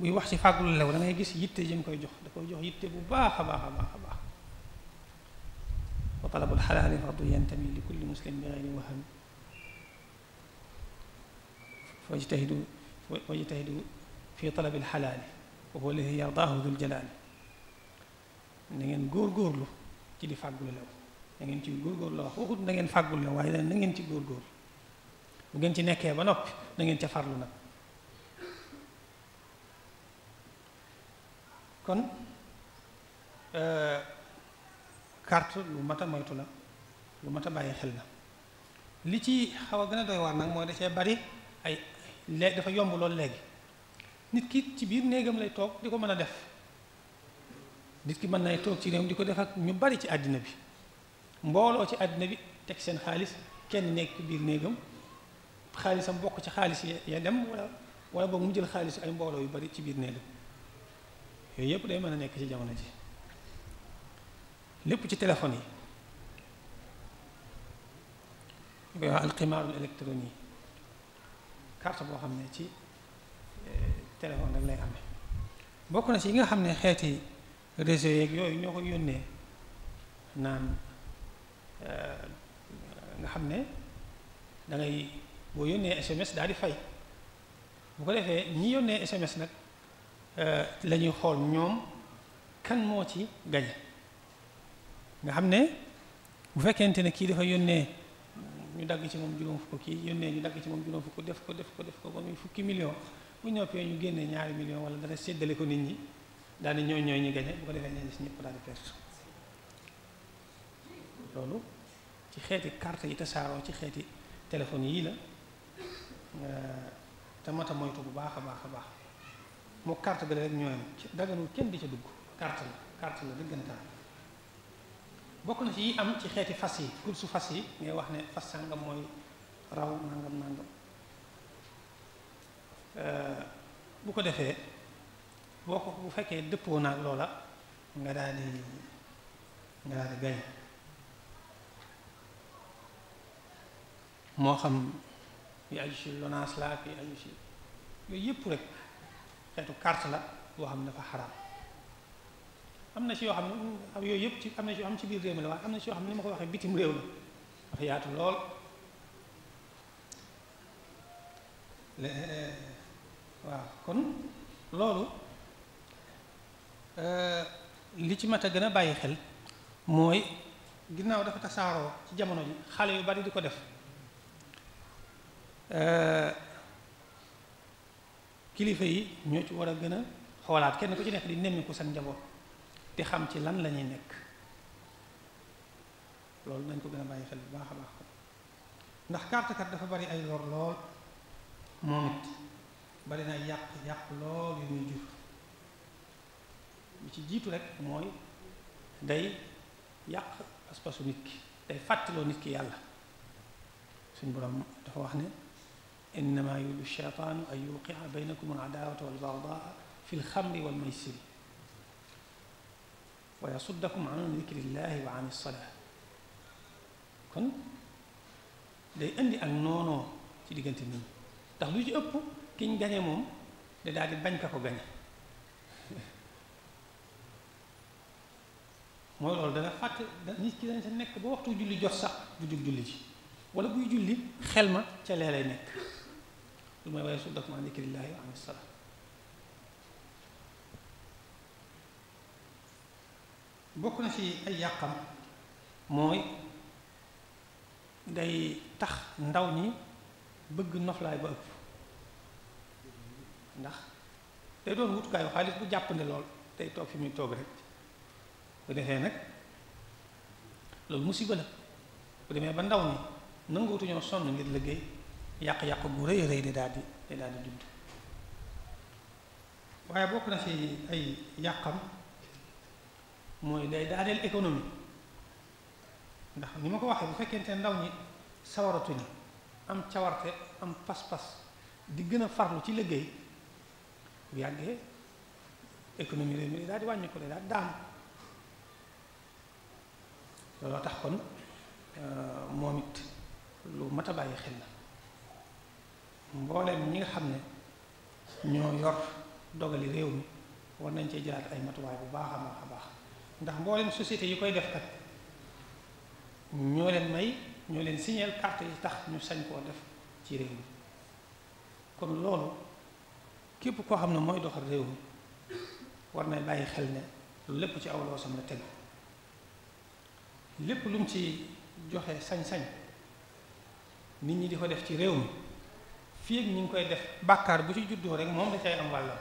buy wax ci fàggu lu lew da ngay gis yitte jëm koy jox da koy jox yitte bu baax a baax a baax a baax wa talabul xalaali fardu yantami li kulli muslim bi gayri wahami fajtahidu wajtahidu fi talabil xalaali wa huwa lazi yardaahu dul jalaali na ngeen góor góorlu ci di fàggu lu lew da ngeen ci góorgóor la wax waxut da ngeen fàggul la waaye na ngeen ci góorgóor bu ngeen ci nekkee ba noppi na ngeen ca farlu nag kon euh, carte lu mat a moytu la lu mat a bàyyi xel na li ci xaw a gën a doy waar nag mooy da bari ay léegi dafa yomb loolu léegi nit ki ci biir néegam lay toog di ko mën a def nit ki mën nay toog ci réew di ko def ak ñu bari ci àddina bi mbooloo ci àddina bi teg seen xaalis kenn nekk biir néegam xaalisam bokk ci xaalis ya dem wala wala boog mu jël xaalis ay mbooloo yu bari ci biir néegam yooyu yëpp day mën a nekk ci jamono ji lépp ci téléphone yi ñu koy wax alximaarul électronique carte boo xam ne ci eh, téléphone rek lay amee bokk na ci yi nga xam ne xeeti réseau yeeg yooyu ñoo ko yónnee naan Euh, nga xam ne dangay ngay boo yónnee SMS daal di fay bu ko defee ñi yónnee SMS nag euh, la ñuy xool ñoom kan moo ci gañe nga xam ne bu fekkente ne kii dafa yónnee ñu dagg ci moom juróom fukk kii yónnee ñu dagg ci moom juróom fukk def ko def ko def ko ba muy fukki million bu ñoppee ñu génnee ñaari million wala dana séddale ko nit ñi daal di ñooy ñooy ñi gañe bu ko defee ñenn si ñëpp daal di perte loolu ci xeeti carte yi tasaaroo ci xeeti téléphone yii la eh, te mata moytu bu baax a baax a baax moo carte bi la rek ci daganul kenn di ca dugg carte la carte la dëggantaan bokk na ci yi am ci xeeti fas yi su fas yi ngay wax ne fas sàngam mooy raw nangam nangam eh, bu ko defee boo ko bu fekkee dëppoo naag loola nga daal di nga daal di gañ moo xam yi aju ci Lonase la ak aju ci yooyu yëpp rek xeetu carte la boo xam ne dafa xaram am na ci yoo xam ne yooyu yëpp ci am na ci yoo xam ci biir réew mi la waaye am na ci yoo xam ne ni ma ko waxee bitim réew la dafa yaatu lool eh, waaw kon loolu eh, li ci mat a gën a bàyyi xel mooy ginnaaw dafa tasaaroo ci jamono ji xale yu bari di ko def Euh, kilifa yi ñoo ci war a gën a xoolaat kenn ku ci nekk di nemmiku seen njaboot di xam ci lan la ñuy nekk loolu nañ ko gën a bàyyi xel bu baax a baax ndax carte kat dafa bari ay lor lool moom it bari na yàq yàq lool yu muy jur bi ci jiitu rek mooy day yàq pas nit ki day fàttaloo nit ki yàlla suñ borom dafa wax ne innama yuridu shaytaanu an yuqia baynakum al-adaawata wal-bagdaa fi l-xamri wal-maysiri wa yasuddakum an dikrillahi wa an salaa kon day indi ak noonoo ci diggante nit ñi ndax lu ci ëpp ki ñu moom da daal di bañ ka ko gañe mooy loolu dana fàtte nit ki dana nekk ba waxtu julli jox sax du jug julli ci wala buy julli xel ma ca nekk lu may waaye suddakum an dikrillaahi wa an salaa bokk na ci ay yàqam mooy day tax ndaw ñi bëgg noflaay ba ëpp ndax day doon wutukaayu xaalis bu jàppande lool day toog fi muy toog rek bu defee nag loolu musiba la bu demee ba ndaw ñi nanguutuñoo sonn ngir liggéey yàq-yàq gu rëy rëy di daal di di daal di judd waaye bokk na ci ay yàqam mooy day daaneel économie ndax ni ma ko waxee bu fekkente ndaw ñi sawaratuñu am cawarte am pas-pas di gën a farlu ci liggéey bu yàggee économie réew daal di wàññi ko day daal daanu looloo tax kon euh, moom it lu mat a bàyyi xel na mbooleem ñi nga xam ne ñoo yor dogali réew mi war nañ cee jëlaat ay matuwaay bu baax a baax a baax ndax mbooleem société yi koy def kat ñoo leen may ñoo leen signeel carte yi tax ñu sañ koo def ci réew mi kon loolu képp koo xam ne mooy doxal réew mi war na bàyyi xel ne lu lépp ci aw loosam la tegu lépp lu mu ci joxe sañ-sañ nit ñi di ko def ci réew mi fii ñu ngi koy def bàkkaar bu ci juddoo rek moom da cay am la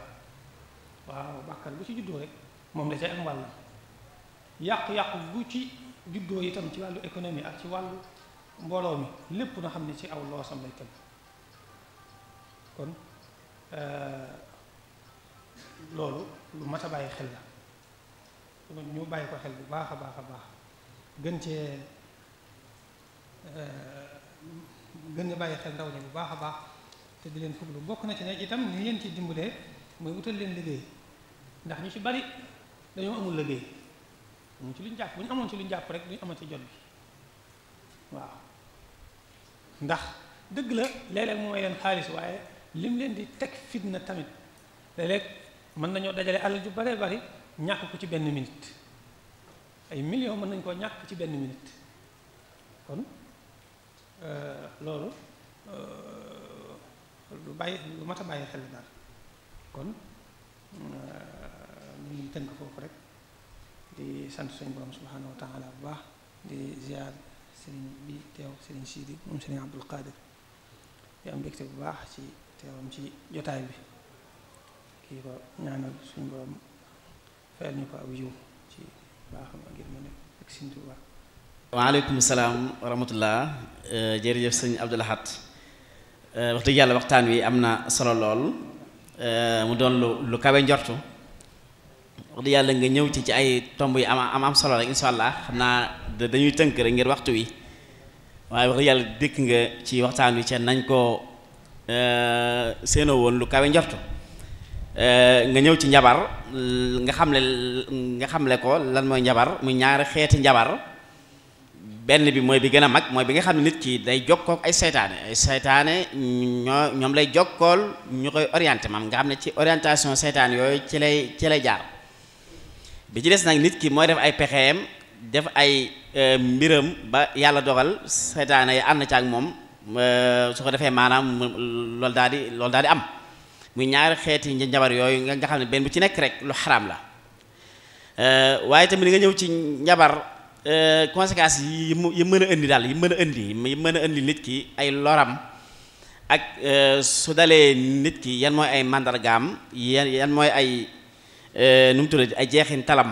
waaw bàkkaar bu ci juddoo rek moom da cay am wàllam yàqu-yàqu bu ci juddoo itam ci wàllu économie ak ci wàllu mbooloo mi lépp na xam ni ci aw loosam lay tëb kon euh, loolu lu mat a bàyyi xel la ñu bàyyi ko xel bu baax a baax a baax gën cee euh, gën a bàyyi xel ndaw ñi bu baax a baax te di leen fuglu bokk na ci ne itam ni leen ci dimbalee mooy wutal leen liggéey ndax ñu ci bari dañoo amul liggéey amuñ ci luñ jàpp bu ñu amoon ci luñ jàpp rek duñ amati jot bi waaw ndax dëgg la léeg-léeg mu may leen xaalis waaye lim leen di teg fitna tamit léeg mën nañoo dajale alal ju bare bari ñàkk ko ci benn minute ay millions mën nañ koo ñàkk ci benn minute kon euh, loolu euh, lu bàyyi lu mat bàyyi xel daal kon euh, ñu ngi tënk foofu rek di sant suñu borom subhaanahu wa bu baax di ziar sëriñ bi teew sëriñ Sidi moom sëriñ Abdul Qadir di am mbégte bu baax ci teewam ci jotaay bi kii ko ñaanal suñu borom fayal ñu ko aw yiw ci baaxam ak yërmande ak Sëriñ Tuubaa waaleykum salaam wa rahmatullah euh, jërëjëf sëñ Abdul Ahad Euh, wax dëgg yàlla waxtaan wi am na solo lool euh, mu doon lu lu kawe njortu wax dëgg nga ñëw ci ci ay tomb yi am am solo rek insha allah xam naa dañuy tënk rek ngir waxtu wi waaye wax dëgg nga ci waxtaan wi ca nañ ko euh, séenoo woon lu kawe njortu nga ñëw ci njabar nga xam xamle nga xamle ko lan mooy njabar muy ñaari xeeti njabar benn bi mooy bi gën a mag mooy bi nga xam ne nit ki day jokkook ay seytaane ay seytaane ñoo ñoom lay jokkool ñu koy orienté maam nga xam ne ci orientation seytaane yooyu ci lay ci jaar bi ci des nag nit ki mooy def ay pexeem def ay euh, mbiram ba yàlla dogal seytaane yi am na ci ak moom euh, su ko defee maanaam lool daal di loolu daal di am muy ñaari xeeti njabar yooyu nga xam ne benn bu ci nekk rek lu xaraam la euh, waaye tamit nga ñëw ci njabar Euh, conséquences yi yi mën a indi daal yi mën a indi yi mën a indi nit ki ay loram ak euh, su dalee nit ki yan mooy ay màndargaam yan yan mooy ay euh, nu mu tuddati ay jeexin talam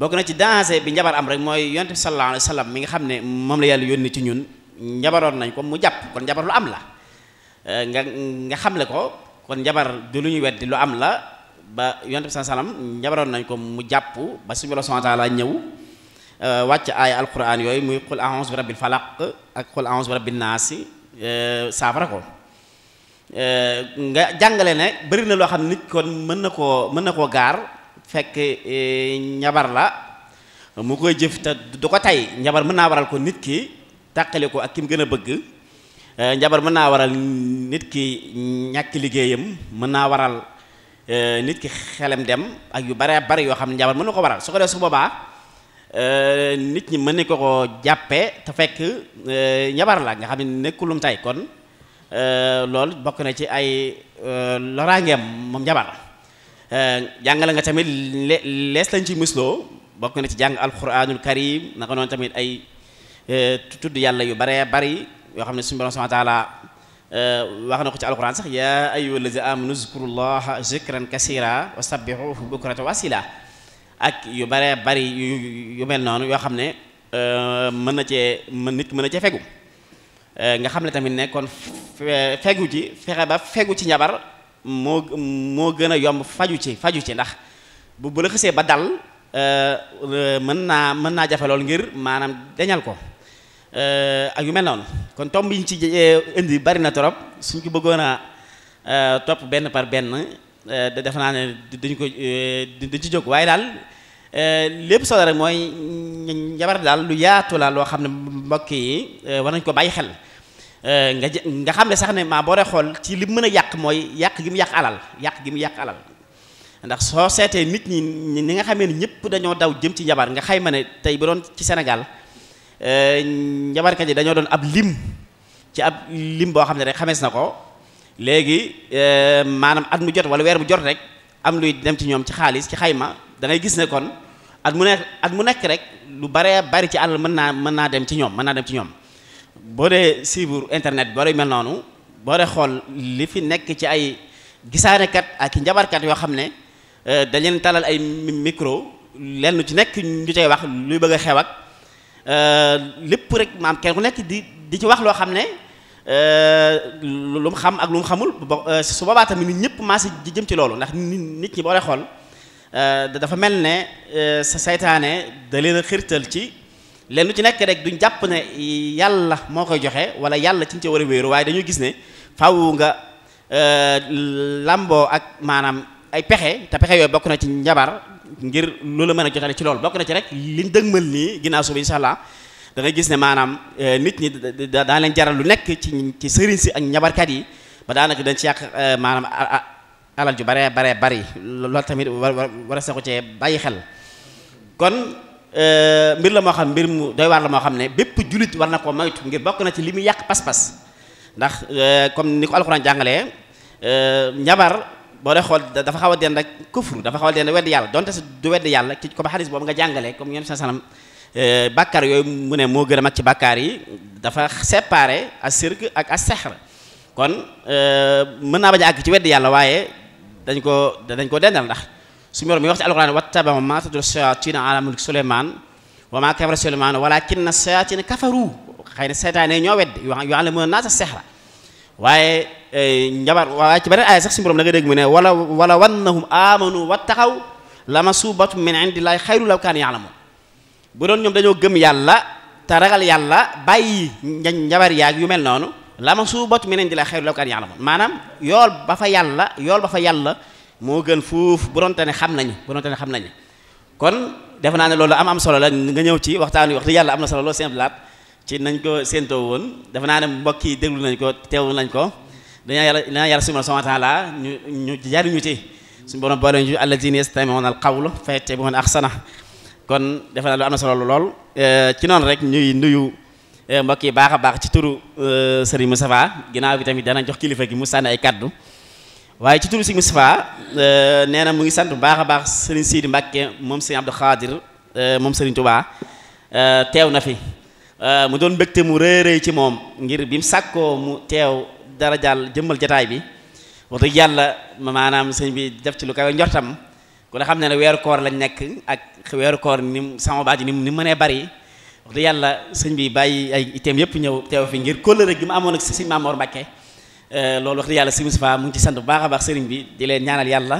bokk na ci danger bi njabar am rek mooy yonent bi sallallahu alayhi mi nga xam ne moom la yàlla yónni ci ñun njabaroon nañ ko mu jàpp kon njabar am la nga nga xamle ko kon njabar lu ñuy weddi lu am la ba yonent bi sallallahu alayhi nañ ko mu jàpp ba ñëw Euh, wàcc aaya alquran yooyu muy xul ahonse bi rabbil falaq ak xul ahonse bi rabbin naasi euh, saafara ko euh, nga jàngale ne bëri na loo xam nit kon mën na koo mën na koo gaar fekk ñabar e, la mu koy jëf te du ko tey njabar mën naa waral ko nit ki tàqale ko ak ki mu gën a bëgg njabar mën naa waral nit ki ñàkk liggéeyam mën naa waral nit ki xelam dem ak yu bare bari yoo xam ne njabar mën na ko waral su ko def su boobaa Euh, nit ñi mën nañ ko ko jàppee te fekk euh, ñabar la nga xam ne nekkulum tay kon euh, loolu bokk na ci ay loraangeem moom njabar jàngale nga tamit lees lañ ci musloo bokk na ci jàng al alquranul karim naka noonu tamit ay tudd yàlla yu bare bari yoo xam ne suñu borom subhanahu wax na ko ci alquran sax yaa ayyuhal lazina amanu zkurullaha zikran kasira wa sabbihuhu bukratan wa asila ak yu bare bari yu mel noonu yoo xam ne euh, mën na cee mën nit mën na cee fegu euh, nga xam ne tamit ne kon fegu ci fexe ba fegu ci njabar moo moo gën a yomb faju ci faju ci ndax bu bu la xësee ba dal euh, mën naa mën naa jafe lool ngir maanaam dañal ko ak yu mel noonu kon tomb yi ci indi bari na trop suñ ko bëggoon topp benn par benn Eh, defe naa ne dañ ko eh, dañ ci jóg waaye daal eh, lépp solo rek mooy njabar daal lu yaatu la loo xam ne mbokk yi war nañ ko bàyyi xel nga nga xam ne sax ne maa boo dee xool ci li mën a yàq mooy yàq gi mu yàq alal yàq gi mu yàq alal ndax soo seetee nit ñi ni nga xamee ne ñëpp dañoo daw jëm ci njabar nga xayma ne tey bu doon ci Sénégal njabarkat yi dañoo doon ab lim ci ab lim boo xam ne rek xamees na ko léegi euh, maanaam at mu jot wala weer bu jot rek am luy dem ci ñoom ci xaalis ci xayma dangay gis ne kon at mu nekk at mu nekk rek lu bare bari ci alal mën naa mën naa dem ci ñoom mën naa dem ci ñoom boo dee siibur internet boo dee mel noonu boo dee xool li fi nekk ci ay gisaanekat ak njabarkat yoo xam ne euh, dañ leen talal ay micro lenn ci nekk ñu cay wax luy bëgg a xew ak euh, lépp rek maam kenn ku nekk di di ci wax loo xam ne Euh, lu mu xam ak lu mu xamul euh, su boobaa tamit ñëpp maasi jëm ci loolu ndax nit ñi boo dee xool euh, dafa mel ne sa saytaane da leen a xirtal ci lenn lu ci nekk rek duñ jàpp ne yàlla moo koy joxe wala yàlla ci ñu ci war a wéeru waaye dañuy gis ne faaw nga làmboo ak maanaam ay pexe te pexe yooyu bokk na ci njabar ngir la mën a jotale ci loolu bokk na ci rek liñ dëgmal nii ginnaaw suba insha allah dangay gis ne maanaam euh, nit ñi daa leen jaral lu nekk ci ci sëriñ si ak ñabarkat yi ba daanaka dañ ci yàq euh, maanaam alal ju bare bare bari loolu tamit war a saxu cee bàyyi xel kon euh, mbir la moo xam mbir mu doy waar la moo xam ne bépp jullit war na koo moytu ngir bokk na ci li muy yàq pas-pas ndax comme ni ko alxuraan jàngalee njabar boo dee xool dafa xaw a dend ak kufru dafa xaw a dend wedd yàlla donte si du wedd yàlla ci comme xadis boobu nga jàngalee Euh, bàkkaar yooyu mu ne moo gën a ci bàkkaar yi dafa séparé asirk ak as-sihr kon euh, mën naa bañ a àgg ci wedd yàlla waaye dañ ko dañ ko dendal ndax suñu borom mi wax ci alxuraan wattaba'u maa tatlu shayaatiin alaa mulki Suleymaan wa maa kafara Suleymaan walaakinna shayaatiin kafaru xëy na seytaane ñoo wedd yu'allimuuna naasa waaye euh, njabar waaye ci beneen aaya sax suñu borom da mu ne wala wala wannahum aamanu wattaqaw lamasuu batun min indillaahi xayrun law kaanu ya'lamuun bu doon ñoom dañoo gëm yàlla te ragal yàlla bàyyi nja njabar yaag yu mel noonu la ma suu bot meneen di la xeyru law kan ya'lamun maanaam yool ba fa yàlla yool ba yàlla moo gën fuuf bu doon te xam nañu bu doon te xam nañu kon def naa ne loolu am am solo la nga ñëw ci waxtaan wi wax dëgg yàlla am na solo loolu simple laat ci nañ ko séentoo woon def naa ne mbokk yi déglu nañ ko teewlu nañ ko dañaa yàlla dañaa yàlla subhanahu wa ta'ala ñu ñu jariñu ci suñu borom boole ñu allazina yastami'una al-qawla fayattabi'una ahsana kon defe naa lu am na solo lool eh, ci noonu rek ñuy nuyu eh, mbokk yi baax a baax ci turu eh, Serigne Moustapha ginnaaw bi tamit dana jox kilifa gi mu sànni ay kaddu waaye ci turu Serigne Moustapha nee na mu ngi sant bu baax a baax Serigne Sidi Mbacke moom Serigne Abdou Khadir moom Serigne Touba teew na fi mu doon mbégte mu rëy rëy ci moom ngir bi mu sàkkoo mu teew dara jàll jëmmal jataay bi wax dëgg yàlla maanaam sëñ bi def ci lu kawe njortam. ku la xam ne ne weeru koor lañ nekk ak weeru koor ni sama baat ji ni ni mënee bari wax dëgg yàlla sëñ bi bàyyi ay iteem yëpp ñëw teew fi ngir kóllëre gi ma amoon ak sëñ Mamoor Mbàkke euh, loolu wax dëgg yàlla sëñ Mustafaa mu ngi ci sant bu baax a baax sëriñ bi di leen ñaanal yàlla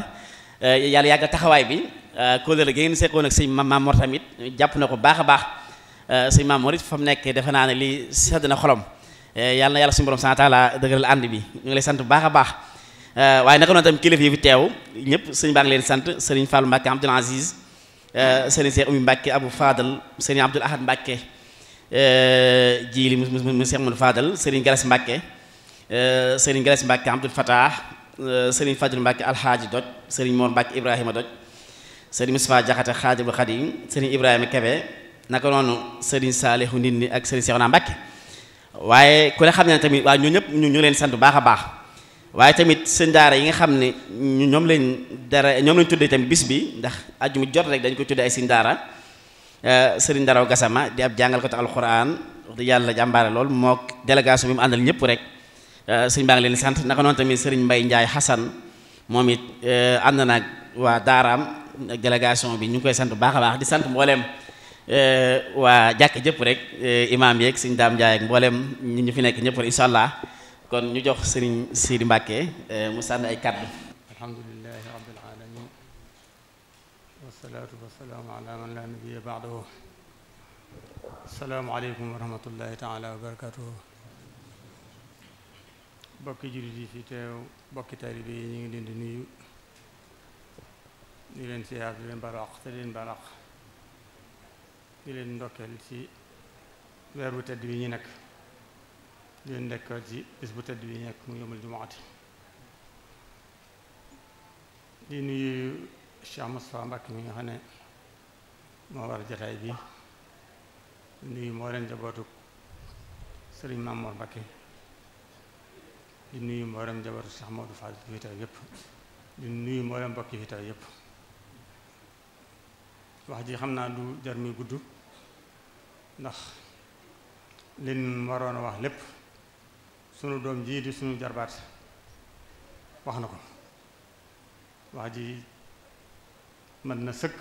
euh, yàlla yàggal taxawaay bi euh, kóllëre gi ngeen seqoon ak sëñ Mamoor tamit jàpp na ko baax a baax sëñ Mamoor it fa mu nekk defe naa ne lii sedd na xolom yàlla yàlla suñu borom subhaanahu wa taala ànd bi ñu ngi sant bu baax a baax Euh, waaye naka noonu tam kilifa yi fi teew ñëpp sëñ baa ngi leen sant sëriñ Fallou Mbacke Abdoul Aziz euh, sëriñ Cheikh Oumy Mbacke Abou Fadal sëriñ Abdoul Ahad Mbacke euh, jiili mu mu mu Cheikh Mouhamadou Fadal sëriñ Galas Mbacke sëriñ Galas Mbacke Abdoul Fatah sëriñ Fadil Mbacke Doj sëriñ Mor Mbacke Ibrahima Doj sëriñ Moustapha Diakhaté Khadimul Khadim sëriñ Ibrahima Kebe naka noonu sëriñ Saalihu Ndindi ak sëriñ Cheikhouna Mbacke waaye ku ne xam ne tamit waa ñoo ñëpp ñu leen sant baax a baax waaye tamit seen daara yi nga xam ne ñoom lañ dara ñoom lañ tuddee tamit bis bi ndax aju mu jot rek dañ ko tuddee ay seen daara euh, sëriñ Daraw Gassama di ab jàngal ko te alxuraan yàlla jàmbaare lool moo délégation bi mu àndal ñëpp rek euh, sëriñ baa ngi leen sant naka noonu tamit sëriñ Mbay Njaay Xasan moom it euh, ànd na ak waa daaraam ak bi ñu ngi koy sant bu baax a baax di sant mbooleem waa jàkk jëpp rek imaam yeeg sëriñ Daam Njaay ak mbooleem ñu fi nekk ñëpp rek incha allah kon ñu jox sëriñ Sidi Mbàkke eh, mu sànni ay kàddu alhamdulillahi rabbil alamin wassalaatu wassalaamu ala man la nabiyya ba'dahu assalaamu aleykum wa rahmatullahi taala wa barakatuhu bokki jullit yi fi teew bokki taalibe yi ñu ngi leen di nuyu di leen siyaar di leen baraq te leen baraq di leen ndokkeel ci weer wu tedd bi ñu nekk leen nekkaat ci bis bu tedd bi nekk mu yomal mi nga xam ne moo war jataay bi nuyu moo leen jabootu Serigne di nuyu moo leen jabootu Cheikh Modou fi teew yëpp di nuyu moo leen mbokk fi teew yëpp wax ji xam naa du jar mi gudd ndax lin waroon a wax lépp sunu doom jii di sunu jarbaat wax na ko wax ji mën na sëkk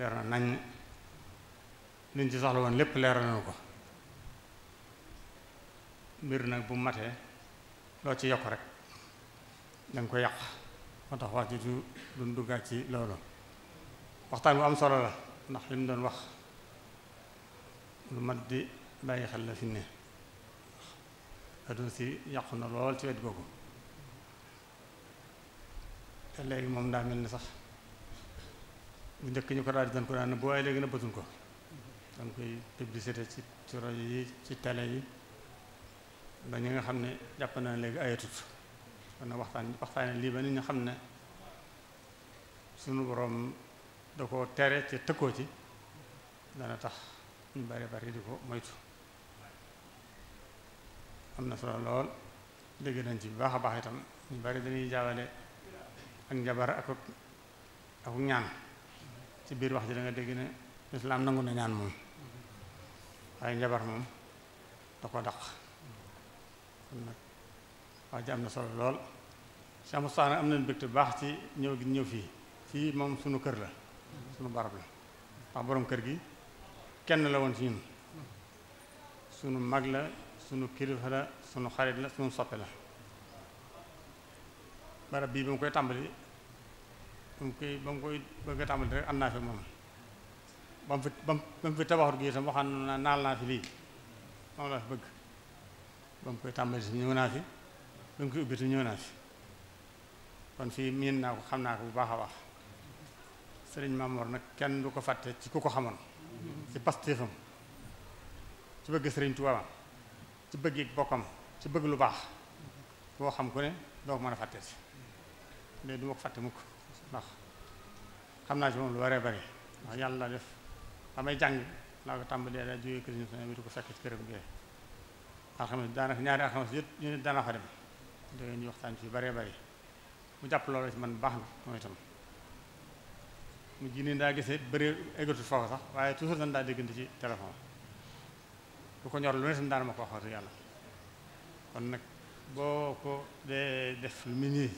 leer na nañ liñ ci soxla woon lépp leer nañu ko mbir nag bu matee loo ci yokk rek danga ko yàq moo tax wax ji du duñ duggaat ci loolu waxtaan bu am solo la ndax li mu doon wax lu mat di bàyyi xel la fi adduna yàqu na lool ci wet googu te léegi moom daa mel ni sax bu njëkk ñu ko daal di dañ ko daan nëbb waaye léegi na nëbbatuñ ko dañ koy publicité ci ci rajo yi ci télé yi ba ñi nga xam ne jàpp naa léegi ayatut kon na waxtaan waxtaane lii ba nit ñi xam ne sunu borom da ko tere ci tëkkoo ci dana tax ñu bare bari di ko moytu am na solo lool dégg nañ ci bu baax a baax itam ñu bari dañuy jaawale ak njabar ak ak ñaan ci biir wax ji da nga dégg ne lislaam nangu na ñaan moom njabar moom da ko daq kon am na solo lool Cheikh Moustapha am na mbégte bu baax ci ñëw gi ñëw fii fii moom sunu kër la sunu barab la ndax boroom kër gi kenn la woon ci ñun sunu mag la sunu kilifa la sunu xarit la sunu soppe la barab bii ba mu koy tàmbali ba mu koy ba mu koy bëgg a tàmbali rek am naa fi moom ba mu fi ba mu fi naa naal naa fi lii moom laa fi bëgg ba mu koy tàmbali si ñëw naa fi ba mu koy ubbi ñëw naa fi kon fii miin naa ko xam naa ko bu baax a baax sëriñ Maamoor nag kenn du ko fàtte ci ku ko xamoon ci pastéefam ci bëgg sëriñ Tuubaa ci bëgg bokkam ci bëgg lu baax boo xam ko ne doo ko mën a fàtte si mais du ma ko fàtte mukk ndax xam naa ci moom lu waree bari ndax yàlla def damay jàng naa ko tàmbalee daa jógee kër ñu sa witu ko fekk ci këram gee alxames daanaka ñaari alxames yëpp ñu ne daana fa dem baree bari mu jàpp loolu ci man baax na mooy ji daa gisee bëree eggatul foofu sax waaye toujours dañ daa déggante ci téléphone lu ko ñor lu ne tam daana ma ko waxoon yàlla kon nag boo ko dee def lu mel nii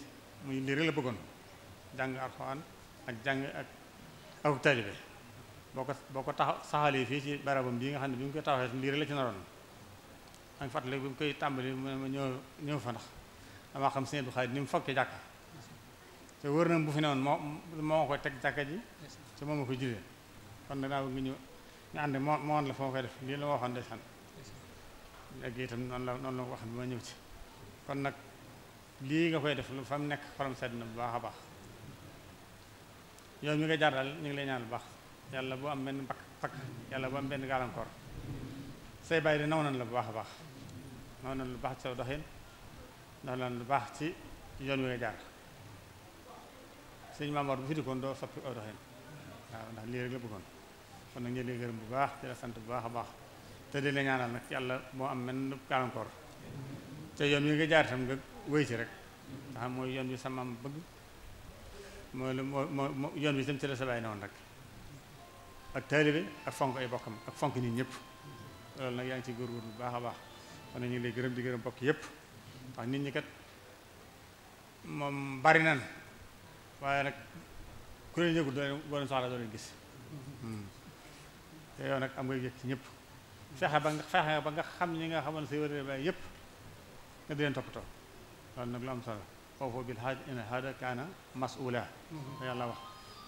muy lii la bëggoon jàng alxuraan ak jàng ak ak taalibe boo ko boo ko tax saxalee fii ci barabam bii nga xam ne bi mu koy taxawee lii la ci naroon maa ngi mu koy ma ñëw ñëw fa ndax damaa xam sëñ jàkka te wër na bu fi newoon moo moo koy teg jàkka ji te moom ma koy jëlee kon nag daa bëgg ñu ànd moo moo la foo koy def lii la ma waxoon de ak itam noonu la noonu la ko wax bi ma ñëw ci kon nag lii nga koy def lu fa mu nekk xolam sedd na bu baax a baax yow mi nga jaar daal ñu ngi lay ñaan lu baax yàlla boo am benn pakk pakk yàlla bu am benn gàllankoor say bàyyi di naw nan la bu baax a baax naw nan lu baax ci saw doxin naw nan lu baax ci yoon wi nga jaar sëñ Maamoor bu fi dikkoon doo soppi aw doxin waaw ndax lii rek la bëggoon kon nag ñu ngi gërëm bu baax di la sant bu baax a baax te di la nag yàlla moo am menn gàllankoor te yoon yi nga jaar tam nga wéy ci rek nga xam mooy yoon bi sa maam bëgg mooy lu moo moo yoon bi tam ci sa bàyyi ne woon rek ak taalibe ak fonk ay bokkam ak fonk nit ñëpp loolu nag yaa ngi ciy góorgóorlu bu baax a baax kon ñu ngi lay gërëm di gërëm bokk yëpp nit ñi kat moom bari nan waaye nag ku leen yëgul doo leen soxla doo leen gis hmm. te yow nag am nga yëg ci ñëpp fexe ba nga fexe ba nga xam ñi nga xamoon say wërale baay yëpp nga di leen toppatoo loolu nag lu am solo foofu bil haaj in hada kaana mas'uula mm-hmm. yàlla wax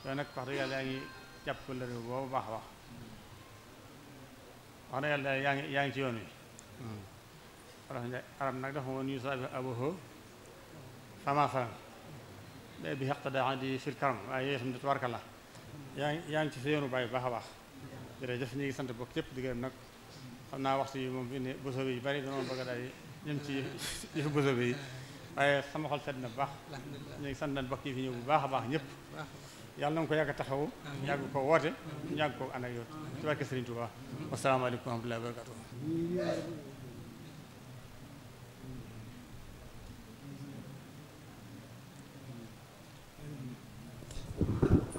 yooyu nag wax dëgg yàlla yaa ngi jàpp ko lëre boobu baax a wax wax dëgg yàlla yaa ngi yaa ngi ci yoon wi mm-hmm. arab nag dafa woon yusaabi abuhu fama faram day bi xeq daa di fil karam waaye yooyu itam di tubarkalla mm-hmm. yaa ngi yaa ngi ci sa yoonu baay bu baax a baax jërëjëf ñu ngi sant bokk yëpp di gërëm nag xam naa waxtu yi moom fi ne bësoo bi yu bari danoon bëgg daal di jëm ci yëfu bësoo bi waaye sama xol sedd na bu baax ñu ngi sant yi fi ñëw bu baax a baax ñëpp yàlla na nga ko yàgg a taxawu yàgg ko woote yàgg ko ànd ak yow ci barke Sëriñ Tuubaa wasalaamaaleykum wa rahmatullaahi wa barakaatu Thank